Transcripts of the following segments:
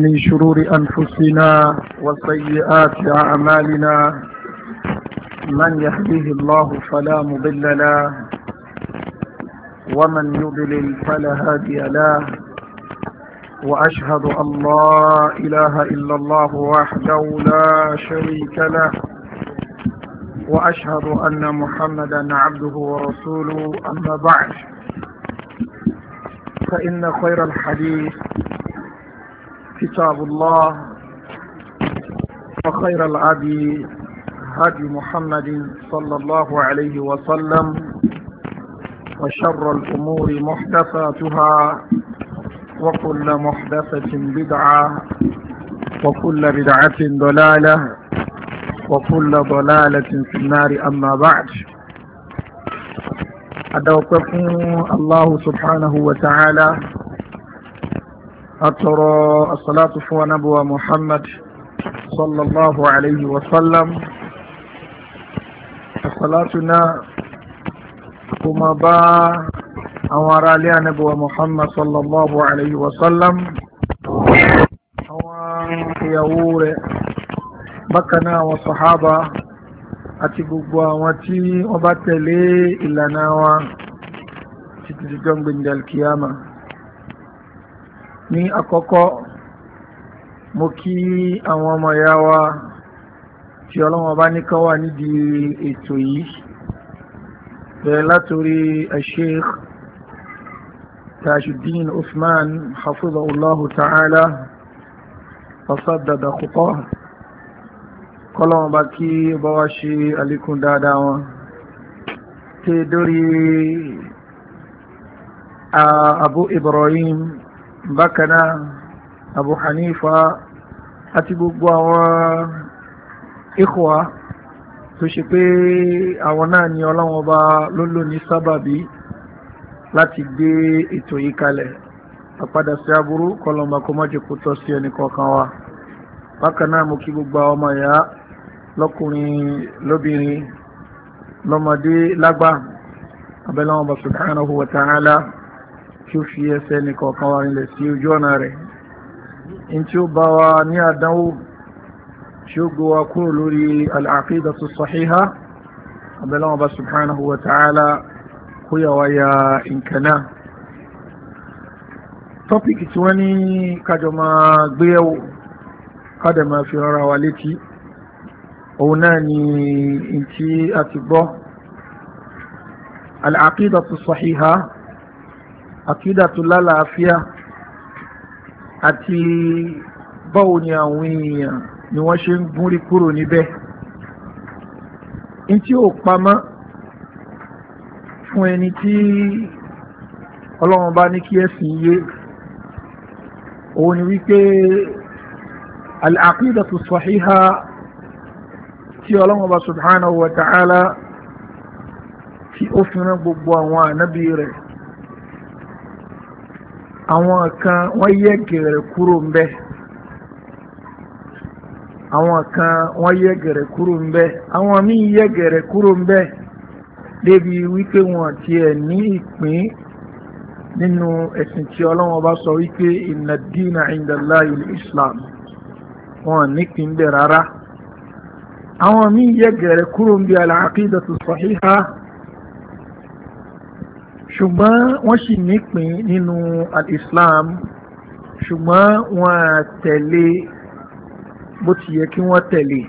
من شرور أنفسنا وسيئات أعمالنا من يهديه الله فلا مضل له ومن يضلل فلا هادي له وأشهد أن لا إله إلا الله وحده لا شريك له وأشهد أن محمدا عبده ورسوله أما بعد فإن خير الحديث كتاب الله وخير العدي هدي محمد صلى الله عليه وسلم وشر الأمور محدثاتها وكل محدثة بدعة وكل بدعة ضلالة وكل ضلالة في النار أما بعد أدعوكم الله سبحانه وتعالى أترى الصلاة ونبوة محمد صلى الله عليه وسلم صلاتنا كما با أمر لي نبوة محمد صلى الله عليه وسلم يور بكنا وصحابة أتبوا وتي وبتلي إلا نوا تتجمع عند القيامة ní àkọ́kọ́ mo kí àwọn ọmọ ìyá wa tí ọlọ́wọ́n bá ní kan wà nídìí ètò yìí bẹ̀rẹ̀ látòrí sheikh tajuddin usman hafizahullahu ta'ala fasadada kókó kọ́lọ́wọ́n bá kí bá wá ṣe àlékún dáadáa wọn tí dórí abu ibrahim bákanáà abu hanifa àti gbogbo àwọn ikhwa tó ṣe pé àwọn náà ni ọlọ́wọ́n bá lólò ní sábàbí láti gbé ètò yìí kalẹ̀ àpadà sí aburú kọlọmọ kó má jẹ́ kó tọ́ sí ẹnì kọ̀ọ̀kan wa bákanáà mo kí gbogbo àwọn ọmọ ìyá lọ́kùnrin lóbìnrin lọ́mọdé lágbà abẹ́lẹ́wọ̀n bá subhanahu wa ta'ala kí ó fi ẹsẹ̀ nìkọ̀ọ̀kan wa nílẹ̀ sí ojú ọ̀nà rẹ̀ in tí ó bá wa ní àdánwò tí ó gbé wa kúrò lórí al-aqidatu sahiha abẹ́lẹ́wọ̀n bá subhanahu wa ta'ala kó yà wá ya nǹkan tọ́pìkì tí wọ́n ní kájọ máa gbéyẹ̀wò kádẹ̀ máa fi rárá wa létí òun náà ni in tí a ti gbọ́ al-aqidatu sahiha àkídà tó lálàáfíà àti báwo ni àwọn èèyàn ni wọ́n ṣe ń gúnrí kúrò níbẹ̀ ní tí ò pamọ́ fún ẹni tí ọlọ́run bá ní kí ẹ̀sìn yé òun ni wípé al-aqidatu tí ọlọ́run bá subhanahu wa ta'ala tí ó fi rán gbogbo àwọn ànábì rẹ̀ àwọn kan wọ́n yẹ gẹ̀rẹ̀ kúrò ń bẹ́ àwọn kan wọ́n yẹ gẹ̀rẹ̀ kúrò ń bẹ́ àwọn míì yẹ gẹ̀rẹ̀ kúrò ń bẹ́ débi wípé wọn tiẹ̀ ní ìpín nínú ẹ̀sìn tí ọlọ́wọ́n bá sọ wípé islam wọn nípìn bẹ́ rárá àwọn míì yẹ gẹ̀rẹ̀ kúrò ń bẹ́ ṣùgbọ́n wọ́n sì nípìn nínú al-Islam ṣùgbọ́n wọ́n tẹ̀lé bó ti yẹ kí wọ́n tẹ̀lé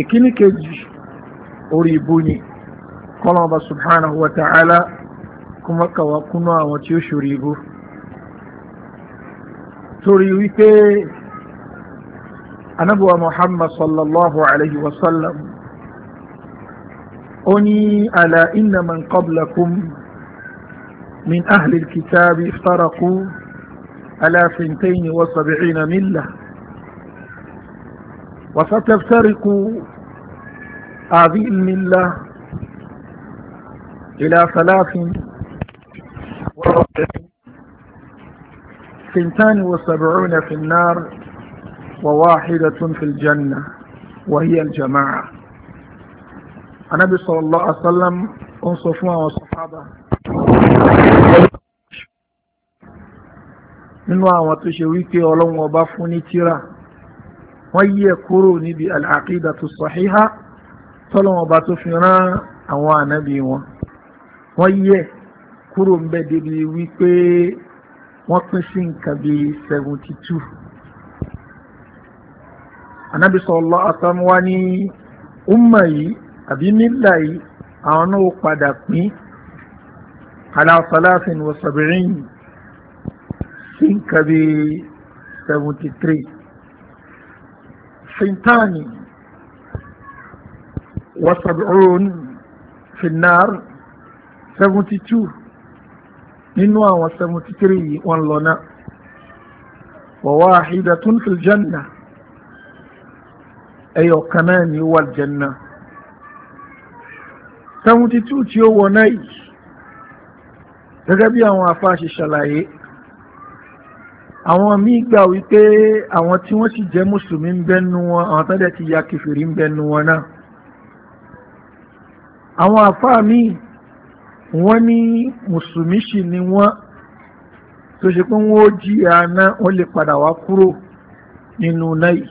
ìkíní kejì orí ibu ni kọ́lọ́mọba subhanahu wa ta'ala kuma kàwá kúnú àwọn tí ó ṣòrí ibu torí wípé anabuwa Muhammad sallallahu alaihi wasallam أني ألا إن من قبلكم من أهل الكتاب افترقوا على سنتين وسبعين ملة وستفترق هذه الملة إلى ثلاث سنتان وسبعون في النار وواحدة في الجنة وهي الجماعة Anabi sọlọ asalam wasallam sọ fún àwọn sàhábà nínú àwọn tó ṣe wípé ọlọ́run ọba fún ní tíra wọ́n yí ẹ̀ kúrò níbi sahiha tọ́lọ́run ọba tó fi rán àwọn ànábì wọn wọ́n yí ẹ̀ kúrò ń débi wípé wọ́n pín sí nǹkan seventy two àbí mílà yìí àwọn náà padà pín aláfàlàfin wasabirin sí nǹkan bí seventy three fintani wasabirun finnar seventy two nínú àwọn seventy three yìí wọn lọ náà wa wahidatun fil janna ẹyọ kan náà ní wà seventy two tí ó wọ náà yìí gẹ́gẹ́ bí àwọn afá ṣe ṣàlàyé àwọn míì gbà wípé àwọn tí wọ́n sì jẹ́ mùsùlùmí ń bẹ́nu wọn àwọn tó dẹ̀ ti ya kẹfìrí ń bẹ́nu wọn náà àwọn afá míì wọ́n ní mùsùlùmí sì ni wọ́n tó ṣe pé wọ́n ó jìyà náà wọ́n lè padà wá kúrò nínú náà yìí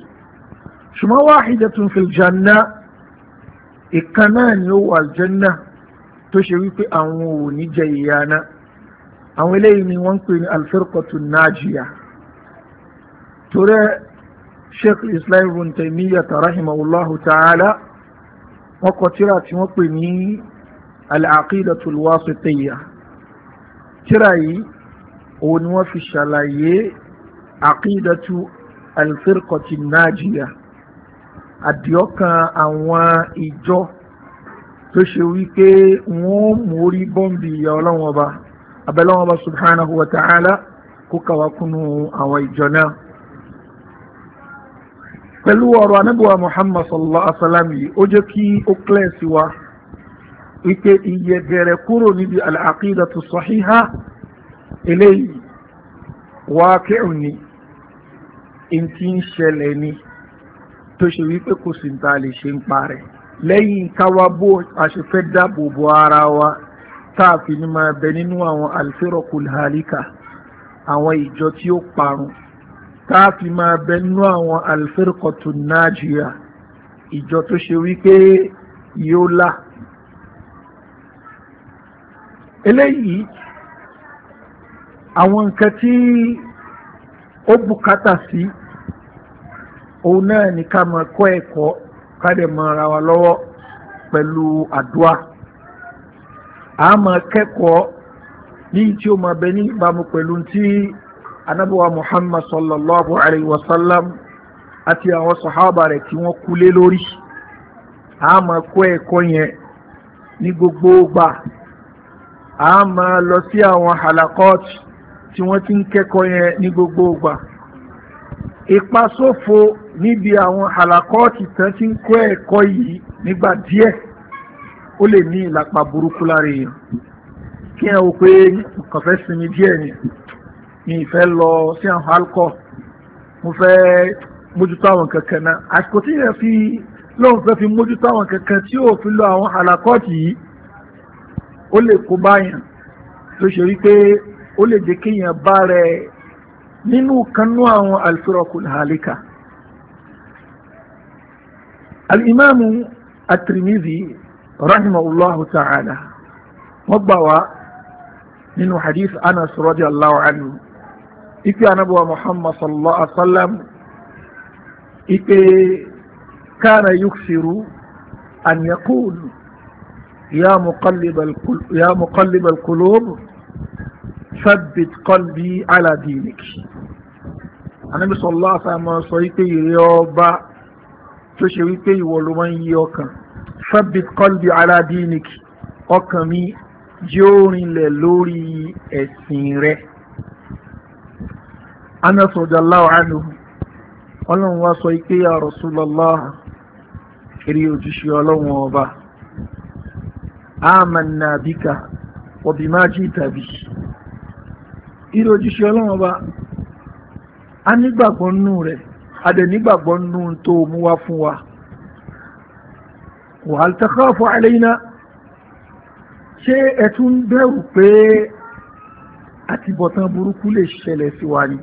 ṣùgbọ́n wàhídẹ́tun fil janna ìkan náà ni ó wà aljanna tó ṣe wípé àwọn ò ní jẹ ìyáná àwọn eléyìí ni wọ́n ń pè ní alfirqatu najiya torí sheikh islam ibn taymiyyah rahimahullahu ta'ala wọ́n kọ tírà tí wọ́n pè ní al-aqidatu al-wasitiyya yìí òun ni wọ́n fi ṣàlàyé aqidatu alfirqatu najiya àdìọ́kan àwọn ìjọ tó ṣe wípé wọ́n mórí bọ́m̀bì ìyà ọlọ́wọ́n ọba abẹ́lọ́wọ́n ọba subhanahu wa ta'ala kó kàwákùnú àwọn ìjọ náà pẹ̀lú ọ̀rọ̀ anábíwá muhammad sallallahu alaihi wa sallam yìí ó jẹ́ kí ó clear sí wa wípé ìyẹ̀gẹ̀rẹ̀ kúrò níbi al-aqidatu sahiha eléyìí wákẹ́ùn ni in ti ń ṣẹlẹ̀ ni tó ṣe wípé kò sí ta lè ṣe ń parẹ́ lẹ́yìn káwa bó a fẹ́ dáàbò bo ara wa tá a fi ní máa bẹ nínú àwọn alifẹ́rọ̀kùl halika àwọn ìjọ tí ó parun tá a fi máa bẹ nínú àwọn alifẹ́rọ̀kọ̀tù nàjíríà ìjọ tó ṣe wípé yóò là eléyìí àwọn nǹkan tí ó bùkátà sí. Si, òun náà ní ká máa kọ́ ẹ̀kọ́ ká dẹ̀ máa ra wa lọ́wọ́ pẹ̀lú àdúrà a máa kẹ́kọ̀ọ́ ní tí ó máa bẹ ní ìbámu pẹ̀lú tí anábíwá Muhammad sallallahu alayhi wa sallam àti àwọn sàhábà rẹ̀ tí wọ́n kú lé lórí a máa kọ́ ẹ̀kọ́ yẹn ní gbogbo gbà a máa lọ sí àwọn halakọ́ọ̀tì tí wọ́n ti ń kẹ́kọ̀ọ́ yẹn ní gbogbo gbà ìpasófo níbi àwọn àlàkọ́ọ̀tì tán ti ń kọ́ ẹ̀kọ́ yìí nígbà díẹ̀ ó lè ní ìlàpá burúkú lára èèyàn kí ẹ wò pé nǹkan fẹ́ sinmi díẹ̀ ni mi ìfẹ́ lọ sí àwọn alcohol mo fẹ́ mójútó àwọn kankan náà àsìkò tí yẹn fi lóun fẹ́ fi mójútó àwọn kankan tí yóò fi lọ àwọn àlàkọ́ọ̀tì yìí ó lè kó báyàn tó ṣe rí pé ó lè jẹ́ kéèyàn bá rẹ̀ nínú kanú àwọn alfirakul halika al'imamu at-Tirmidhi rahimahullahu ta'ala wọ́n gbà wá nínú hadith anas radiyallahu anhu ipe anabuwa muhammad sallallahu alaihi wasallam ipe kana yuksiru an yaqul يا مقلب القلوب يا مقلب القلوب ثبت قلبي على دينك anábì sọlá àfàmọ́ sọ wípé ìrẹ́ ọba tó ṣe wípé ìwọ ló máa ń yí ọkàn fabit qalbi ala dinik ọkàn mi jẹ́ orinlẹ̀ lórí ẹ̀sìn rẹ̀ anas radiyallahu anhu ọlọ́run wá sọ wípé ya Rasulullah eré òjíṣẹ́ ọlọ́run ọba amanna bika wa bima jita bi ọba a nígbàgbọ́ nínú rẹ̀ a dẹ̀ nígbàgbọ́ nínú tó mú wá fún wa wa hal takhafu alayna ṣé ẹ tún bẹ̀rù pé àtibọ̀tán burúkú lè ṣẹlẹ̀ sí wa ni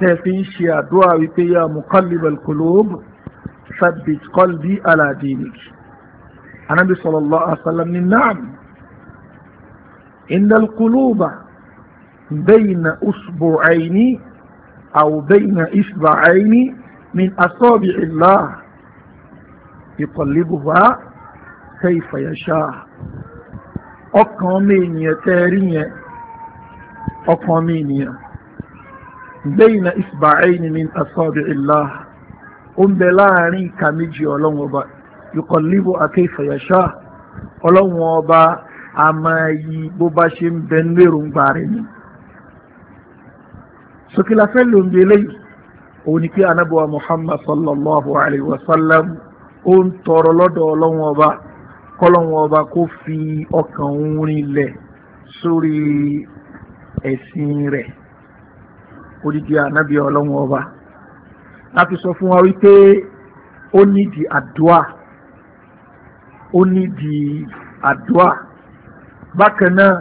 tẹ̀sí ń ṣe àdúrà wípé ya muqallibal qulub thabbit qalbi ala dinik anábì sallallahu alaihi wasallam ní na'am indal quluba بين أصبعين أو بين إصبعين من أصابع الله يقلبها كيف يشاء mi ènìyàn tẹ́ẹ̀rí yẹn ọkàn mi ènìyàn bẹ́yìn isba'aini min asọ́bì ìlà ó ń bẹ láàrin ìka a sókèlá fẹ́ ló ń bi eléyìí òun ni pé anábọ̀wá muhammad sallallahu alayhi wa sallam ó ń tọrọ lọ́dọ̀ ọlọ́wọ́n ọba kọ́lọ́wọ́n ọba kó fi ọkàn òun rinlẹ̀ sórí ẹ̀sìn rẹ̀ odidi anábì ọlọ́wọ́n ọba láti sọ fún wa wípé ó nídìí àdúà ó nídìí àdúà bákan náà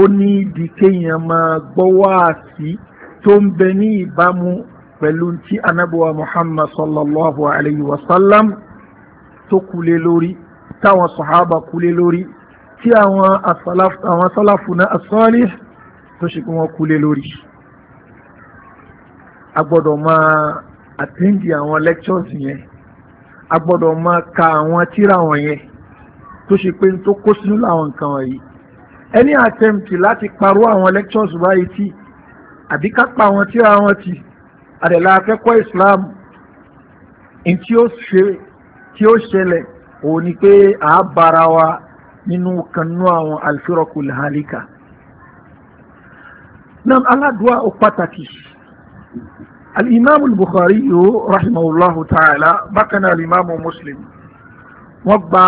ó nídìí kéèyàn máa gbọ́ wáàsí. Si tó ń bẹ ní ìbámu pẹ̀lú tí anábọ̀wá muhammad sallallahu alayhi wa sallam tó kulé lórí táwọn sọ̀hábà kulé lórí tí àwọn asálàfù náà asọ́lé tó ṣe kí wọ́n kulé lórí a gbọ́dọ̀ máa àtẹ́ǹdì àwọn lectures yẹn a gbọ́dọ̀ máa ka àwọn tíra wọn yẹn tó ṣe pé tó kó sínú làwọn nǹkan wọ̀nyí ẹni àtẹ́ǹtì láti parọ́ àwọn lectures báyìí tí àbí ká pa àwọn tí àwọn ti àdẹ̀lá akẹ́kọ̀ọ́ islam in tí ó ṣe tí ó ṣẹlẹ̀ òun ni pé à bára wa nínú kanú àwọn alfirakul halika nam aládùá ó pàtàkì الإمام البخاري رحمه الله تعالى بكنا الإمام مسلم وبا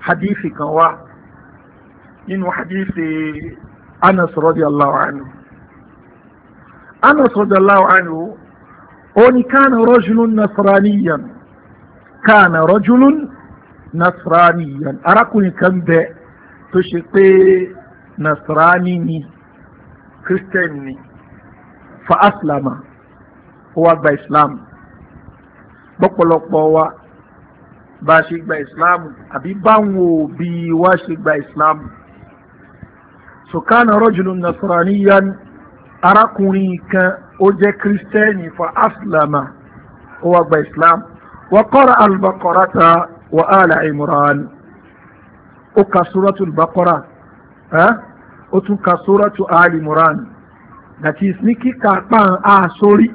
حديث كوا من حديث أنس رضي الله عنه Anas radallahu anhu ó ní kana rajulun nasraniyan kana rajulun nasraniyan arákùnrin kan bẹ tó ṣe pé nasrani ni christian ni fa aslama ó wá gba islam pọ̀pọ̀lọpọ̀ wa bá a gba islam àbí báwọn òbí wa ṣe gba islam so kana rajulun nasraniyan arákùnrin kan ó jẹ́ kírísítẹ́nì fa aslama ó wá gba islam wa qara al-baqarata wa ala imran ó ka suratul baqara ó tún ka suratu ali imran that is ní kíkà pan a sórí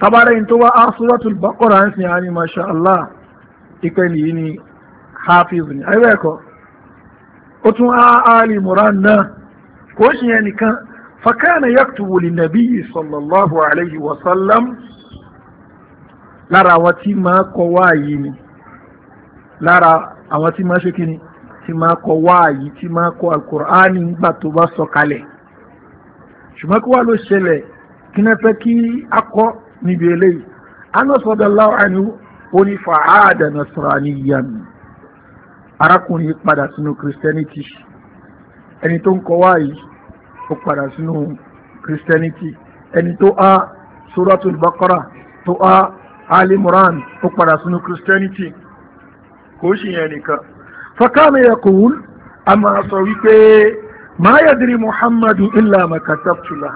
tabarin tó wá a suratul baqara ń sin àní masha allah ìpẹ́ nìyí ni hafiz ni ayẹ́wẹ̀kọ́ ó tún a ali imran náà kò ṣe yẹn nìkan fakana yaktubu li nabiyyi sallallahu alayhi wa sallam lára àwọn tí máa kọ wáàyí ni lára àwọn tí máa ṣe kí ni tí máa kọ wáàyí tí máa kọ alukur'ani nígbà tó bá sọ kalẹ̀ ṣùgbọ́n kí wàá ló ṣẹlẹ̀ kí náà fẹ́ kí a kọ́ níbi eléyìí Anas radallahu anhu ó ní fa'ada arákùnrin padà sínú christianity ẹni tó ń kọ wá yìí ó padà sínú christianity ẹni tó á suratul baqara tó á ali moran ó padà sínú christianity kò sì yẹn nìkan fakana yakul a máa sọ wípé ma yadri muhammadu illa ma katabtula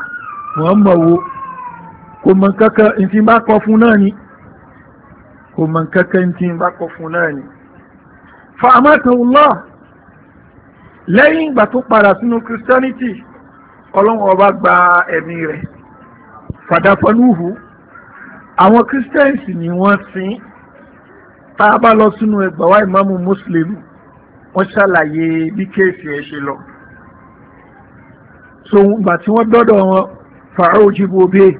muhammadu kò mọ̀ kankan ìtì bá kọ fún náà ni kò mọ̀ kankan ìtì bá kọ fún náà ni fa amatahu Allah lẹ́yìn ìgbà tó padà sínú christianity ọlọ́run ọba gba ẹ̀mí rẹ̀ fàdáfọ́núhù àwọn christians ni wọ́n sin tá a bá lọ sínú ẹgbàá wa ìmáàmù muslim wọ́n ṣàlàyé bí kéèsì ẹ̀ ṣe lọ so ìgbà tí wọ́n dọ́dọ̀ wọn fàárọ̀ òjìbò bẹ́ẹ̀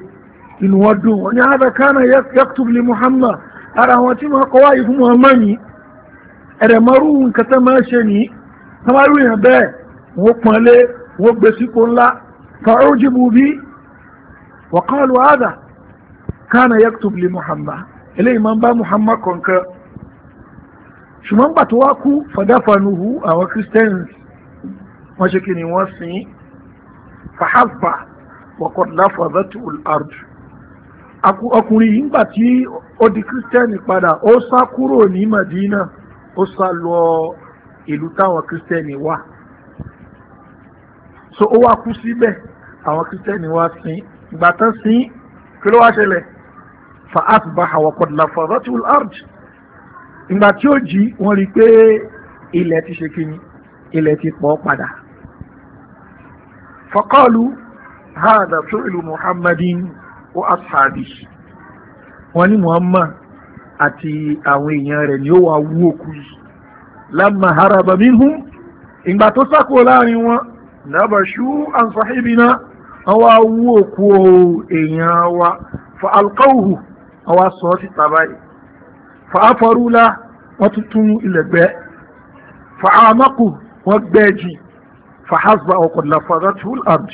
inú wọn dùn wọn ni adakana yaktub muhammad ara wọn tí wọn kọ́ wáyé fún muhammad yìí ẹ̀rẹ̀ mọ́rú nǹkan tá máa ṣe nìyí tọ́wárú èèyàn bẹ́ẹ̀ wọ́n pọ́nlé wọ́n gbé sípò ńlá fàárójìbù bí wàkọ́ọ̀lù àdà kánà yaktub li muhammad eléyìí máa ń bá muhammad kọ̀ọ̀kan ṣùgbọ́n gbà tó wá kú fàdáfànúhù àwọn christians wọ́n ṣe kí ni wọ́n sin fàhàbà wọ̀kọ̀ láfàzátù al ọkùnrin yìí gbà tí ó di christian padà ó sá kúrò ní madina ó sá lọ ìlú táwọn kristẹni wà so ó wá kú síbẹ̀ àwọn kristẹni wá sin ìgbà tán sin kí ló wá ṣẹlẹ̀ fa asbaha wa qad lafazatul ard ìgbà tí ó jí wọ́n rí i pé ilẹ̀ ti ṣe kíni ilẹ̀ ti pọ̀ padà faqalu hadha fi'lu muhammadin wa ashabihi wọ́n ní muhammad àti àwọn èèyàn rẹ̀ ni ó wà wú òkú yìí lamma haraba minhum ìgbà tó sákò láàrin wọn nabashu an sahibina àwọn awú òkú èèyàn wa fa alqawhu àwọn sọ sí tàbáyì fa afarula wọ́n tuntun ilẹ̀gbẹ́ fa amaku wọ́n gbẹ́jì fa hasba ọkọ̀ lafadatul ard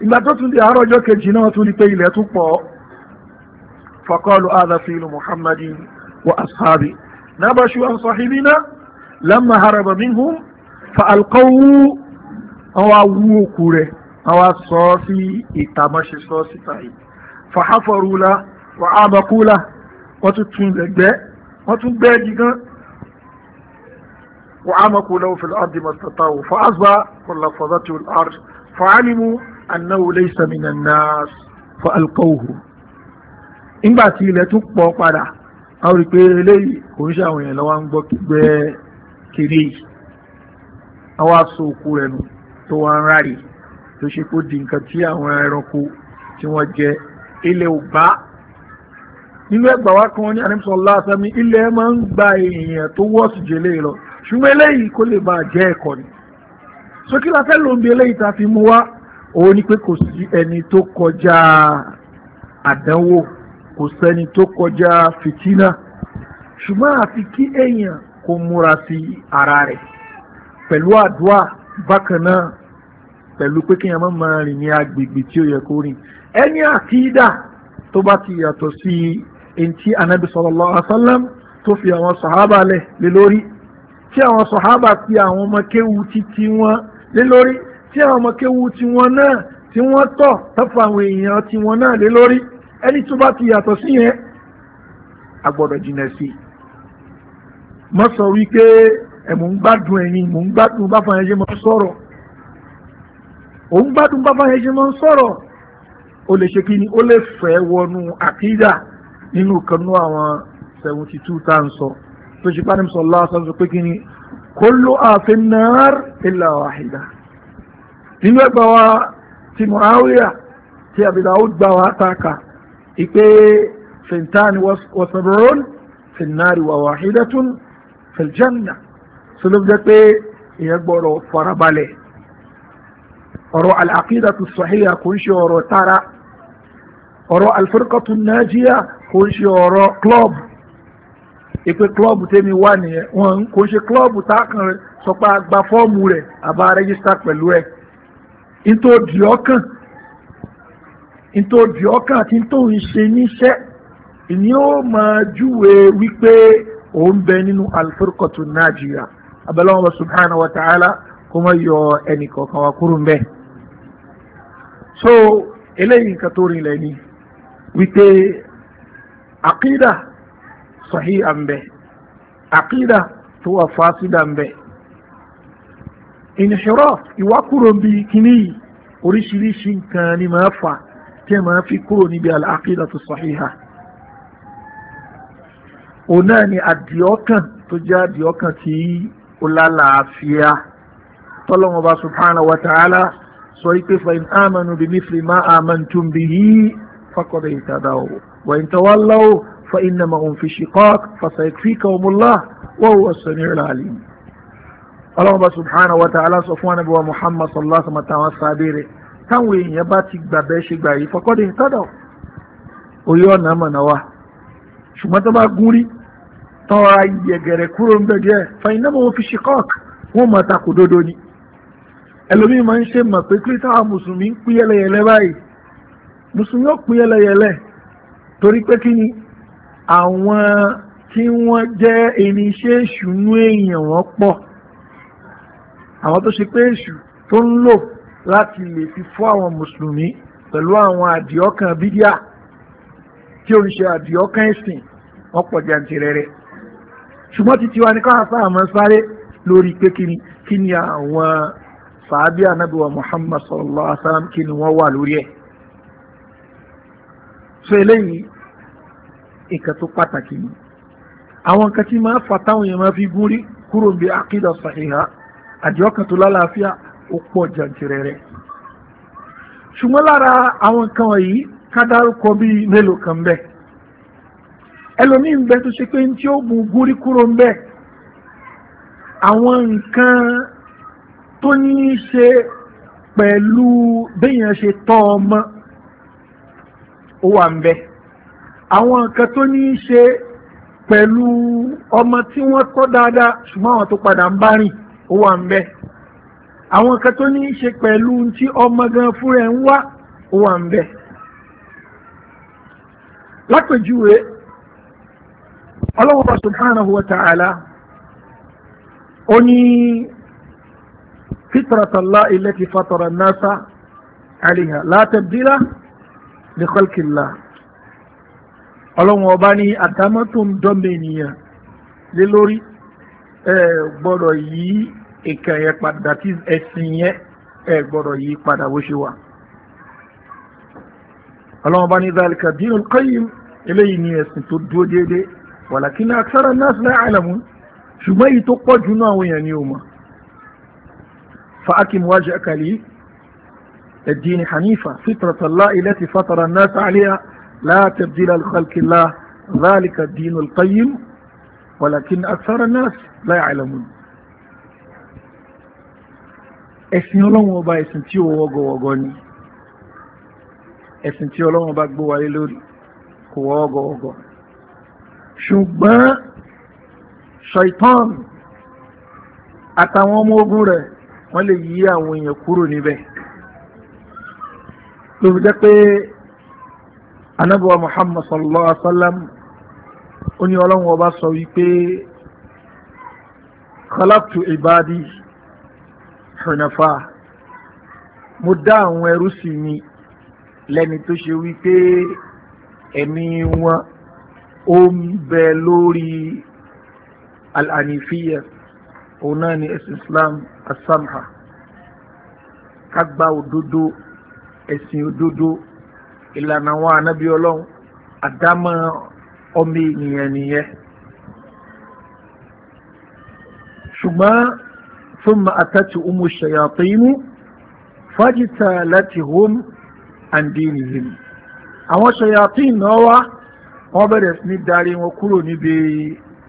ìgbà tó tún di àárọ̀ ọjọ́ kejì náà tún di pé ilẹ̀ fa qalu hadha fi'lu muhammadin wa ashabi nabashu an sahibina lamma haraba minhum fa alqawu àwọn awú òkú rẹ̀ àwọn sọ sí ìtàmọ́ṣe sọ síta yìí fa hafaru la wa abaqu la wọ́n tún tún lẹ́gbẹ́ wọ́n tún gbẹ́ gígan وعمقوا له في الأرض ما استطاعوا فأصبح فلفظته الأرض فعلموا أنه ليس من الناس فألقوه nígbà tí ilẹ̀ tún pọ̀ padà àwọn ìpè eléyìí kò ń ṣàwọn èèyàn lọ́wọ́ ń gbọ́ gbẹ́ kékeré yìí àwọn aṣọ òkú rẹ̀ nù tó wá ń ráre tó ṣe kó di nǹkan tí àwọn ẹranko tí wọ́n jẹ ilẹ̀ ò bá nínú ẹgbà wá kan ní àníṣọ lásàmì ilẹ̀ máa ń gba èèyàn tó wọ́ọ̀sì jẹ́lẹ̀ lọ ṣùgbọ́n eléyìí kó lè bàa jẹ́ ẹ̀kọ́ ni sókè la fẹ́ ló ń bi eléyìí ta fi mú wá òun ni pé kò sí ẹni tó kọjá àdánwò kò sẹ́ni tó kọjá fìtínà ṣùgbọ́n àfi kí èèyàn kó múra sí ara rẹ̀ pẹ̀lú àdúrà bákan náà pẹ̀lú pé kí ẹ̀mọ́ máa rìn ní agbègbè tí ó yẹ kó rìn ẹni àkídà tó bá ti yàtọ̀ sí ẹntì anabi sallallahu alaihi wasallam tó fi àwọn sàhábà lẹ̀ lé lórí tí àwọn sàhábà fi àwọn ọmọ kéwu títí wọn lé lórí tí àwọn ọmọ kéwu tí wọn náà tí wọ́n tọ̀ tọ́fà àwọn èèyàn tí wọn náà lé lórí ẹni tó bá ti yàtọ̀ sí yẹn a gbọ́dọ̀ sí i má sọ wípé ẹ̀ mò ń gbádùn ẹ̀yìn mò ń gbádùn bá fàyẹn ṣe máa ń sọ̀rọ̀ òun gbádùn bá fàyẹn ṣe máa ń sọ̀rọ̀ ó lè ṣe kí ni ó lè fẹ́ wọnú àkídà nínú kanú àwọn seventy two tá à ń sọ tó ṣe pàdé sọ lásán sọ pé kí ni kullu àfin nar illa wahida nínú ẹgbàá wa ti Muawiya tí àbìdáwò gbà wá tààkà ìpé fintani wasabron finnari wa wahidatun fẹ̀ljanna tó ló jẹ́ pé ìyẹn gbọ́dọ̀ farabalẹ̀ ọ̀rọ̀ al-aqidatu sahiha kò ń ṣe ọ̀rọ̀ tara ọ̀rọ̀ al-firqatu najiya kò ń ṣe ọ̀rọ̀ club ìpè club tẹ́mi wà nìyẹn wọn kò ń ṣe club tá a kan sọ pé a gba fọ́ọ̀mù àbá rẹ́gísítà pẹ̀lú ẹ̀ nítorí òdì ọkàn nítorí òdì ọkàn àti nítorí ìṣe níṣẹ́ ìní ó máa júwe wípé òun bẹ nínú alifurukọtù nàìjíríà abẹ́lẹ́wọ̀n bá subhanahu wa ta'ala kó má yọ ẹnì kọ̀ọ̀kan wa kúrò mbẹ́. so eléyìí nǹkan tó rìn lẹ́ni wípé àkídà sahiha ń bẹ àkídà tó wà fásidà ń bẹ inhiraf ìwákúrò bíi kíní yìí oríṣiríṣi nǹkan ni màá fà tí a máa fi kúrò níbi al-aqidatu sahiha òun náà ni àdìọ́kàn tó jẹ́ àdìọ́kàn tí ó lálàáfíà tọ́lọ́wọ́n bá subhanahu wa ta'ala sọ wípé fa in amanu bi mithli ma amantum bihi faqad ihtadaw wa in tawallaw fa innama hum fi shiqaq fa sayakfikahumullah wa huwa as-sami'ul 'alim. sọ fún ṣùgbọ́n tó bá gún tọ́ra yẹ̀gẹ̀rẹ̀ kúrò ń bẹ̀gẹ̀ fàyínàmọ́ wọn fi ṣe kọ́ọ̀k wọn máa takò dodo ni ẹlòmíì máa ń ṣe mọ̀ pé kí táwọn mùsùlùmí ń pín yẹlẹyẹlẹ báyìí mùsùlùmí ó pín yẹlẹyẹlẹ torí pé kí ni àwọn tí wọ́n jẹ́ ẹni iṣẹ́ èṣù nú èèyàn wọ́n pọ̀ àwọn tó ṣe pé èṣù tó ń lò láti lè fi fọ́ àwọn mùsùlùmí pẹ̀lú àwọn àdìọ́kàn bídíà tí ó ń ṣe àdìọ́kàn ẹ̀sìn wọ́n pọ̀ jàǹtìrẹrẹ ṣùgbọ́n títí wa ní káwọn afáà máa sáré lórí pé kí ni àwọn sàábí anábíwa Muhammad sallallahu alaihi wa sallam kí ni wọ́n wà lórí ẹ̀ so eléyìí nǹkan tó pàtàkì ni àwọn nǹkan tí máa fà táwọn èèyàn máa fi gún rí kúrò bí àkídà sàhíhá àdìọ́kàn tó lálàáfíà ó pọ̀ jàǹtìrẹ rẹ̀ ṣùgbọ́n lára àwọn nǹkan wọ̀nyí ká dárúkọ bíi mélòó kan bẹ́ẹ̀ ẹlòmíì ń bẹ tó ṣe pé tí ó bu gúrí kúrò ń bẹ àwọn nǹkan tó ní í ṣe pẹ̀lú béèyàn ṣe tọ́ ọmọ ó wà ń bẹ àwọn nǹkan tó ní í ṣe pẹ̀lú ọmọ tí wọ́n tọ́ dáadáa ṣùgbọ́n àwọn tó padà ń bá rìn ó wà ń bẹ àwọn nǹkan tó ní í ṣe pẹ̀lú tí ọmọ gan fúnra ẹ̀ ń wá ó wà ń bẹ lápèjúwe Allah subhanahu wa ta'ala ó ní fitratallahi allati fatara an-nasa 'alayha la tabdila li khalqillah ọlọ́run ọba ní àtàmọ́ tó ń dọ́mọ ènìyàn lé lórí ẹ gbọ́dọ̀ yí ìkẹ́ yẹn padà tí ẹ̀sìn yẹn ẹ gbọ́dọ̀ yí padà bó ṣe wà. ọlọ́run ọba ní zalika dinul qayyim eléyìí ní ẹ̀sìn tó dúró déédéé walakin akthara an-nas la ya'lamun ṣùgbọ́n èyí tó pọ̀ jù náà àwọn èèyàn ni ó mọ̀ fa akim wajhaka li ad-din hanifa fitratallahi allati fatara an-nas 'alayha la tabdila li khalqillah dhalika ad-din al-qayyim walakin akthara an-nas la ya'lamun ẹ̀sìn ọlọ́run ọba ẹ̀sìn tí ó wọ́gọ̀wọ́gọ̀ ni ẹ̀sìn tí ọlọ́run ọba gbówalé lórí kò wọ́gọ̀wọ́gọ̀ ṣùgbọ́n shaitan àtàwọn ọmọ ogun rẹ̀ wọ́n lè yí àwọn èèyàn kúrò níbẹ̀ tó fi jẹ́ pé anábọ̀wá muhammad sallallahu alaihi wa sallam ó ní ọlọ́run ọba sọ wípé khalaqtu ibadi hunafa mo dá àwọn ẹrú sí mi lẹ́ni tó ṣe wípé ẹ̀mí wọn ó ń bẹ lórí al-anifiyya òun náà ni ẹ̀sìn islam asamha ká gba òdodo ẹ̀sìn òdodo ìlànà àwọn anábì ọlọ́run àdámọ́ ọmọ ènìyàn nìyẹn ṣùgbọ́n thumma atati umu shayatinu fajtalatihum an dinihim àwọn shayatin náà wọ́n bẹ̀rẹ̀ sí ní darí wọn kúrò níbi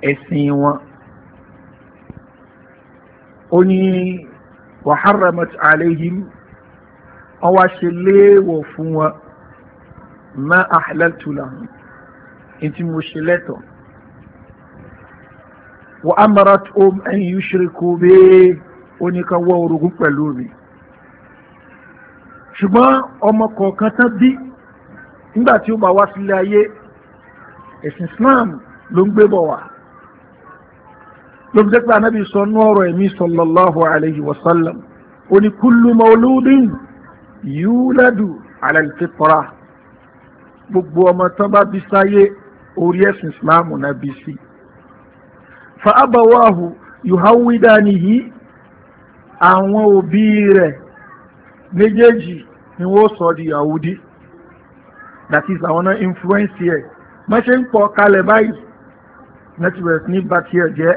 ẹ̀sìn wọn ó ní wàháràmọ́t àléhìm wọ́n wá ṣe léèwọ̀ fún wọn má àhàlẹ́tùlà ní tí mo ṣe lẹ́tọ̀ọ́ wa amarat om um an yushriku bi oníkan wọ orogún pẹ̀lú mi ṣùgbọ́n ọmọ kọ̀ọ̀kan tán bí nígbà tí ó bá wá sílé ayé ẹ̀sìn Islam ló ń gbé bọ̀ wá ló jẹ́ pé anábì sọ nú ọ̀rọ̀ ẹ̀mí sallallahu alayhi wa sallam ó ní kullu mawludin gbogbo ọmọ tán bá bí sáyé orí ẹ̀sìn Islam náà bí sí fa abawahu yi àwọn òbí rẹ̀ méjèèjì ni wọ́n sọ di Yahudi that is àwọn náà mọ́ ṣe ń pọ̀ kalẹ̀ báyìí láti bẹ̀rẹ̀ sí ní bàtí ẹ̀ jẹ́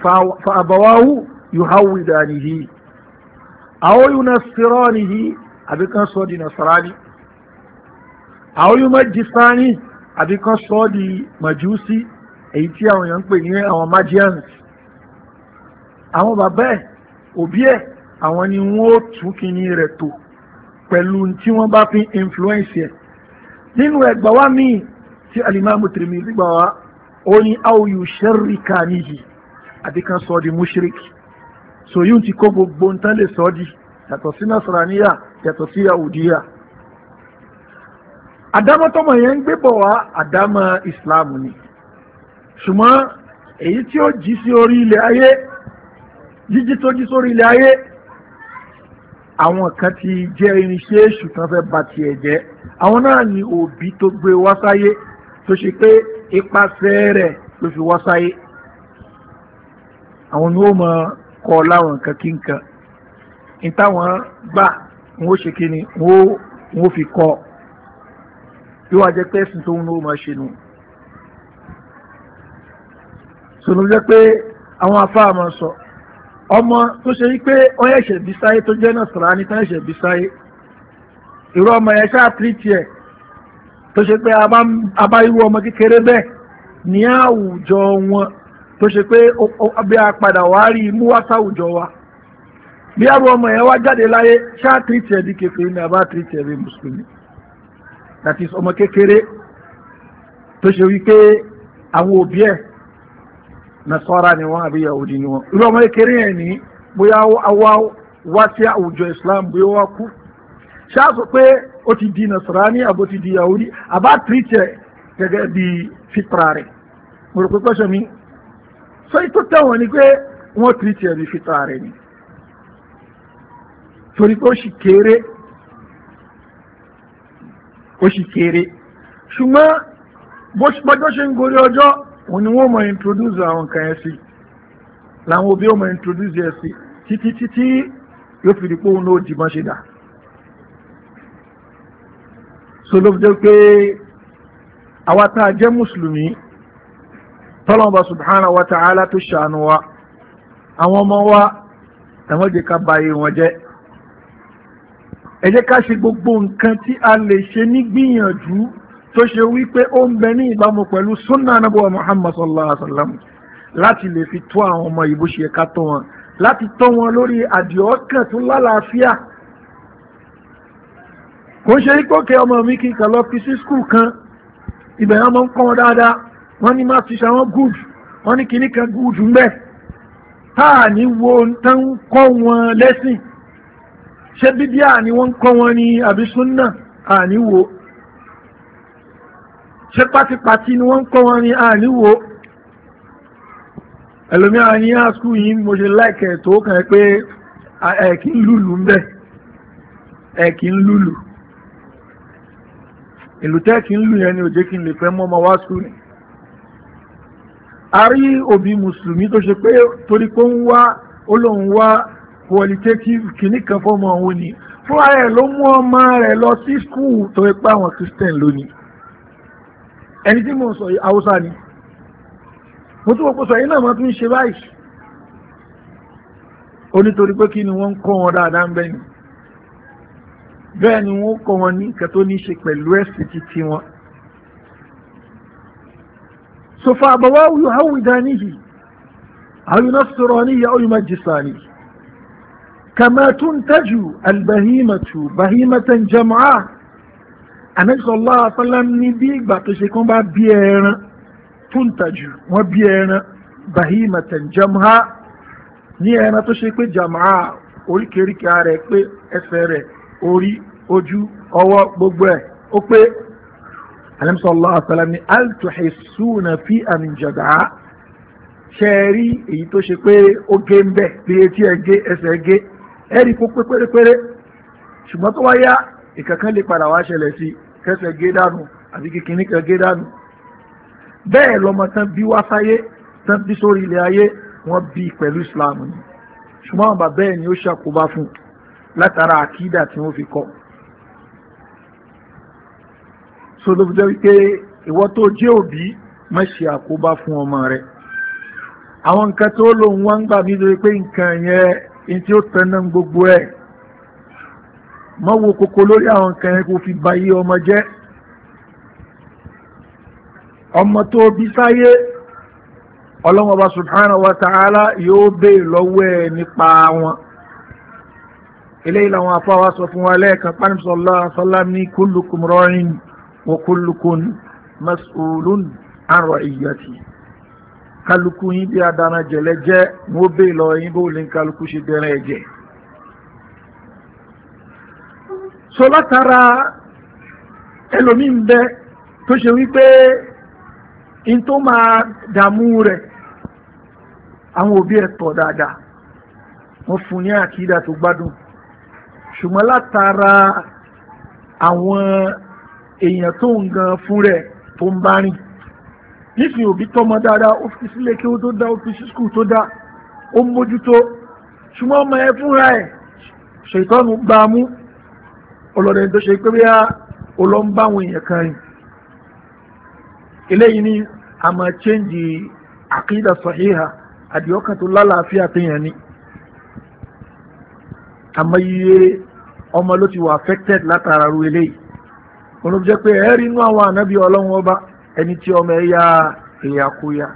fa àbáwáwú yuhawidanihi àwọn yunasiranihi àbí kan sọ di nasarani àwọn yumajisani majusi èyí tí àwọn èèyàn ń pè ní àwọn magians àwọn bàbá ẹ̀ òbí ẹ̀ àwọn ni wọ́n ó tún kíní rẹ̀ tó pẹ̀lú tí wọ́n bá fi influence ẹ̀ nínú ẹgbàá míì tí alimamu Tirmidhi gbà wá ó ní áwòyù ṣẹ́ríkà níyì àti kan mushrik so yóò ti kó gbogbo ń tán lè sọ di yàtọ̀ sí nasaraniya yàtọ̀ sí yahudiya àdámọ́ tọmọ yẹn ń gbé bọ̀ wá àdámọ́ islam ni ṣùgbọ́n èyí tí ó jí sí orí ilẹ̀ ayé jíjí tó jí sórí ilẹ̀ ayé àwọn kan ti jẹ́ irinṣẹ́ èṣù kan fẹ́ ba tiẹ̀ jẹ́ àwọn náà ni òbí tó gbé wá sáyé tó ṣe pé ipasẹ̀ rẹ̀ ló fi wọ́ sáyé àwọn ni ó mọ kọ láwọn nǹkan kí nǹkan ní táwọn gbà wọn ó ṣe kí ni wọn ó fi kọ yóò wá jẹ́ pé ẹ̀sìn tó ń ló ṣe nù sọ̀nà jẹ́ pé àwọn afáà sọ ọmọ tó ṣe wípé ó yẹ̀ṣẹ̀ bí sáyé tó jẹ́ náà sọ̀rọ̀ á ní tán bí sáyé ìrọ̀ ọmọ yẹn ṣáà tírìtì ẹ̀ tó ṣe pé a ọmọ kékeré bẹ́ẹ̀ ní àwùjọ wọn tó ṣe pé bí a padà wá rí imú wá sáwùjọ wa bí àrùn ọmọ yẹn wá jáde láyé ṣáà tìrìtì ẹ̀dí kékeré mùsùlùmí that is ọmọ kékeré tó ṣe wípé àwọn òbí ẹ nasara ni wọn àbí ni wọn irú ọmọ kékeré yẹn islam bóyá wá kú ṣáà sọ ó ti di nasarani àbó ti di yahudi àbá tìrìtẹ̀ gẹ́gẹ́ gaga di rẹ̀ mo rò pé pẹ́sẹ̀ mi sọ ètò tẹ̀wọ̀n ni pé wọ́n tìrìtẹ̀ bí fitra rẹ̀ ni torí pé ó sì kéré ó sì kéré ṣùgbọ́n ṣe ń gorí ọjọ́ òun ni wọ́n mọ̀ introduce àwọn kan ẹ̀ sí làwọn òbí wọn mọ̀ introduce ẹ̀ si títí títí yóò fi di pé òun ló dìbọn ṣe dà so ló fi jẹ́ pé àwa tá a jẹ́ mùsùlùmí tọ́lọ́mọba subhanahu wa ta'ala tó ṣàánú wa àwọn ọmọ wa ẹ̀wọ́n jẹ́ ká bà wọn jẹ́ ẹ jẹ́ ká ṣe gbogbo nǹkan tí a lè ṣe nígbìyànjú tó ṣe wípé ó ń bẹ ní ìbámu pẹ̀lú sunna anabuwa muhammad sallallahu alaihi wa sallam láti lè fi tó àwọn ọmọ ìbúṣe ká tó wọn láti tọ́ wọn lórí àdìọ́kàn tó lálàáfíà kò ń ṣe ipòkè ọmọ mi kí n kà lọ fi sí skul kan ibẹ̀ ọmọ ń kọ́ wọn dáadáa wọ́n ní má ti ṣàwọn gúùdù wọ́n ní kìíní kan gúùdù ńbẹ̀ táà ní wo tó ń kọ́ wọn lẹ́sìn ṣé bídíà ni wọ́n ń kọ́ wọn ní àbí súnà àní wo ṣé pátípátí ni wọ́n ń kọ́ wọn ní àní wo ẹlòmíràn ní àsìkò yìí mo ṣe láìkẹ̀ tó kàn pé ẹ̀ kí ń lùlù ń ẹ̀ kí ń lùlù ìlú tẹ́ẹ̀kì ń lù yẹn ni ò jẹ́ kí n lè fẹ́ mọ́ ọmọ wá sùn ni a rí òbí mùsùlùmí tó ṣe pé torí pé ń wá ó lóun wá qualitative kìíní kan fọmọ òun ni fúnra rẹ̀ ló mú ọmọ rẹ̀ lọ sí skul tó ipá àwọn christian lónìí ẹni tí mo sọ haúsá ni mo tún wọ́pọ̀ sọ yìí náà máa tún ṣe báyìí ó pé kí ni wọ́n ń kọ́ wọn dáadáa ń bẹ́yìn bẹ́ẹ̀ ni wọ́n kọ́ wọn ní nǹkan tó ní ṣe pẹ̀lú ẹ̀sìn títí wọn sofa àbọ̀wá yuhawidanihi aw yunassiranihi aw yumajjisanihi kama tuntaju albahimatu bahimatan jam'a anẹ́sọ̀lá àtọ́lá ní bí ìgbà tó ṣe kán bá bí ẹran tuntaju wọ́n bí ẹran bahimatan jam'a ní ẹran tó ṣe pé jam'a oríkèéríkèé rẹ̀ pé ẹsẹ̀ rẹ̀ orí ojú ọwọ́ gbogbo ẹ̀ ó pé alẹ́mísọ̀ allah asalam ni altuhisuna fi aminjada ṣe é rí èyí tó ṣe pé ó gé ń bẹ̀ bí etí ẹ̀ gé ẹsẹ̀ gé ẹ̀ rí kó pé pérépéré ṣùgbọ́n tó wáyá ìkankan lè padà wá ṣẹlẹ̀ sí kẹsẹ̀ gé dànù àbí kìkìnní kan gé dànù bẹ́ẹ̀ lọ́mọ tán bí wá sáyé tán bí sórí ilẹ̀ ayé wọ́n bí pẹ̀lú islam ni ṣùgbọ́n bàbá ẹ̀ ni ó ṣàkóbá fún un látara àkídà tí wọ́n fi kọ́ so ló fi jẹ́ wípé ìwọ tó jẹ́ òbí má ṣe àkóbá fún ọmọ rẹ̀ àwọn nǹkan tó lòun wá ń gbà mí lórí pé nǹkan yẹn ní tí ó tẹ̀nà gbogbo ẹ̀ mọ́ wo kókó lórí àwọn nǹkan yẹn kó fi ba iye ọmọ jẹ́ ọmọ tó bí sáyé ọlọ́mọba subhanahu wa ta'ala yóò béè lọ́wọ́ ẹ̀ nípa wọn eléyìí làwọn afáwa sọ fún wa lẹ́ẹ̀kan pánimsọ́lá sọ́lá ní kullukum ra'in wa kullukum mas'ulun an ra'iyati kálukú yín bí adana jẹ̀lẹ̀ jẹ́ wọ́n bè lọ yín bó lè kálukú ṣe dẹ̀rẹ̀ ẹ̀jẹ̀ so látara ẹlòmí ń bẹ tó ṣe wípé in tó máa dààmú rẹ̀ àwọn òbí ẹ̀ tọ̀ dáadáa wọ́n fún ní àkídà tó gbádùn ṣùgbọ́n látara àwọn èèyàn tó ń gan fún rẹ̀ tó ń bá rìn nísìnyí òbí tọmọ dáadáa ó fi sílé kí ó tó dá ó fi sí skul tó dá ó mójútó ṣùgbọ́n ọmọ ẹ fúnra ẹ̀ ṣètọ́nù gbá mú ọlọ́dẹ tó ṣe pé bí ó lọ ń bá àwọn èèyàn kan rìn eléyìí ni a máa chẹ́ǹjì àkídà sọ̀híhà àdìọ́kàn tó lálàáfíà téèyàn ní. àmọye ọmọ ló ti wà affected látara ru eléyìí wọn ló jẹ́ pé ẹ̀rí inú àwọn ànábì ọlọ́run ọba ẹni tí ọmọ ẹ̀yà ìyàkúyà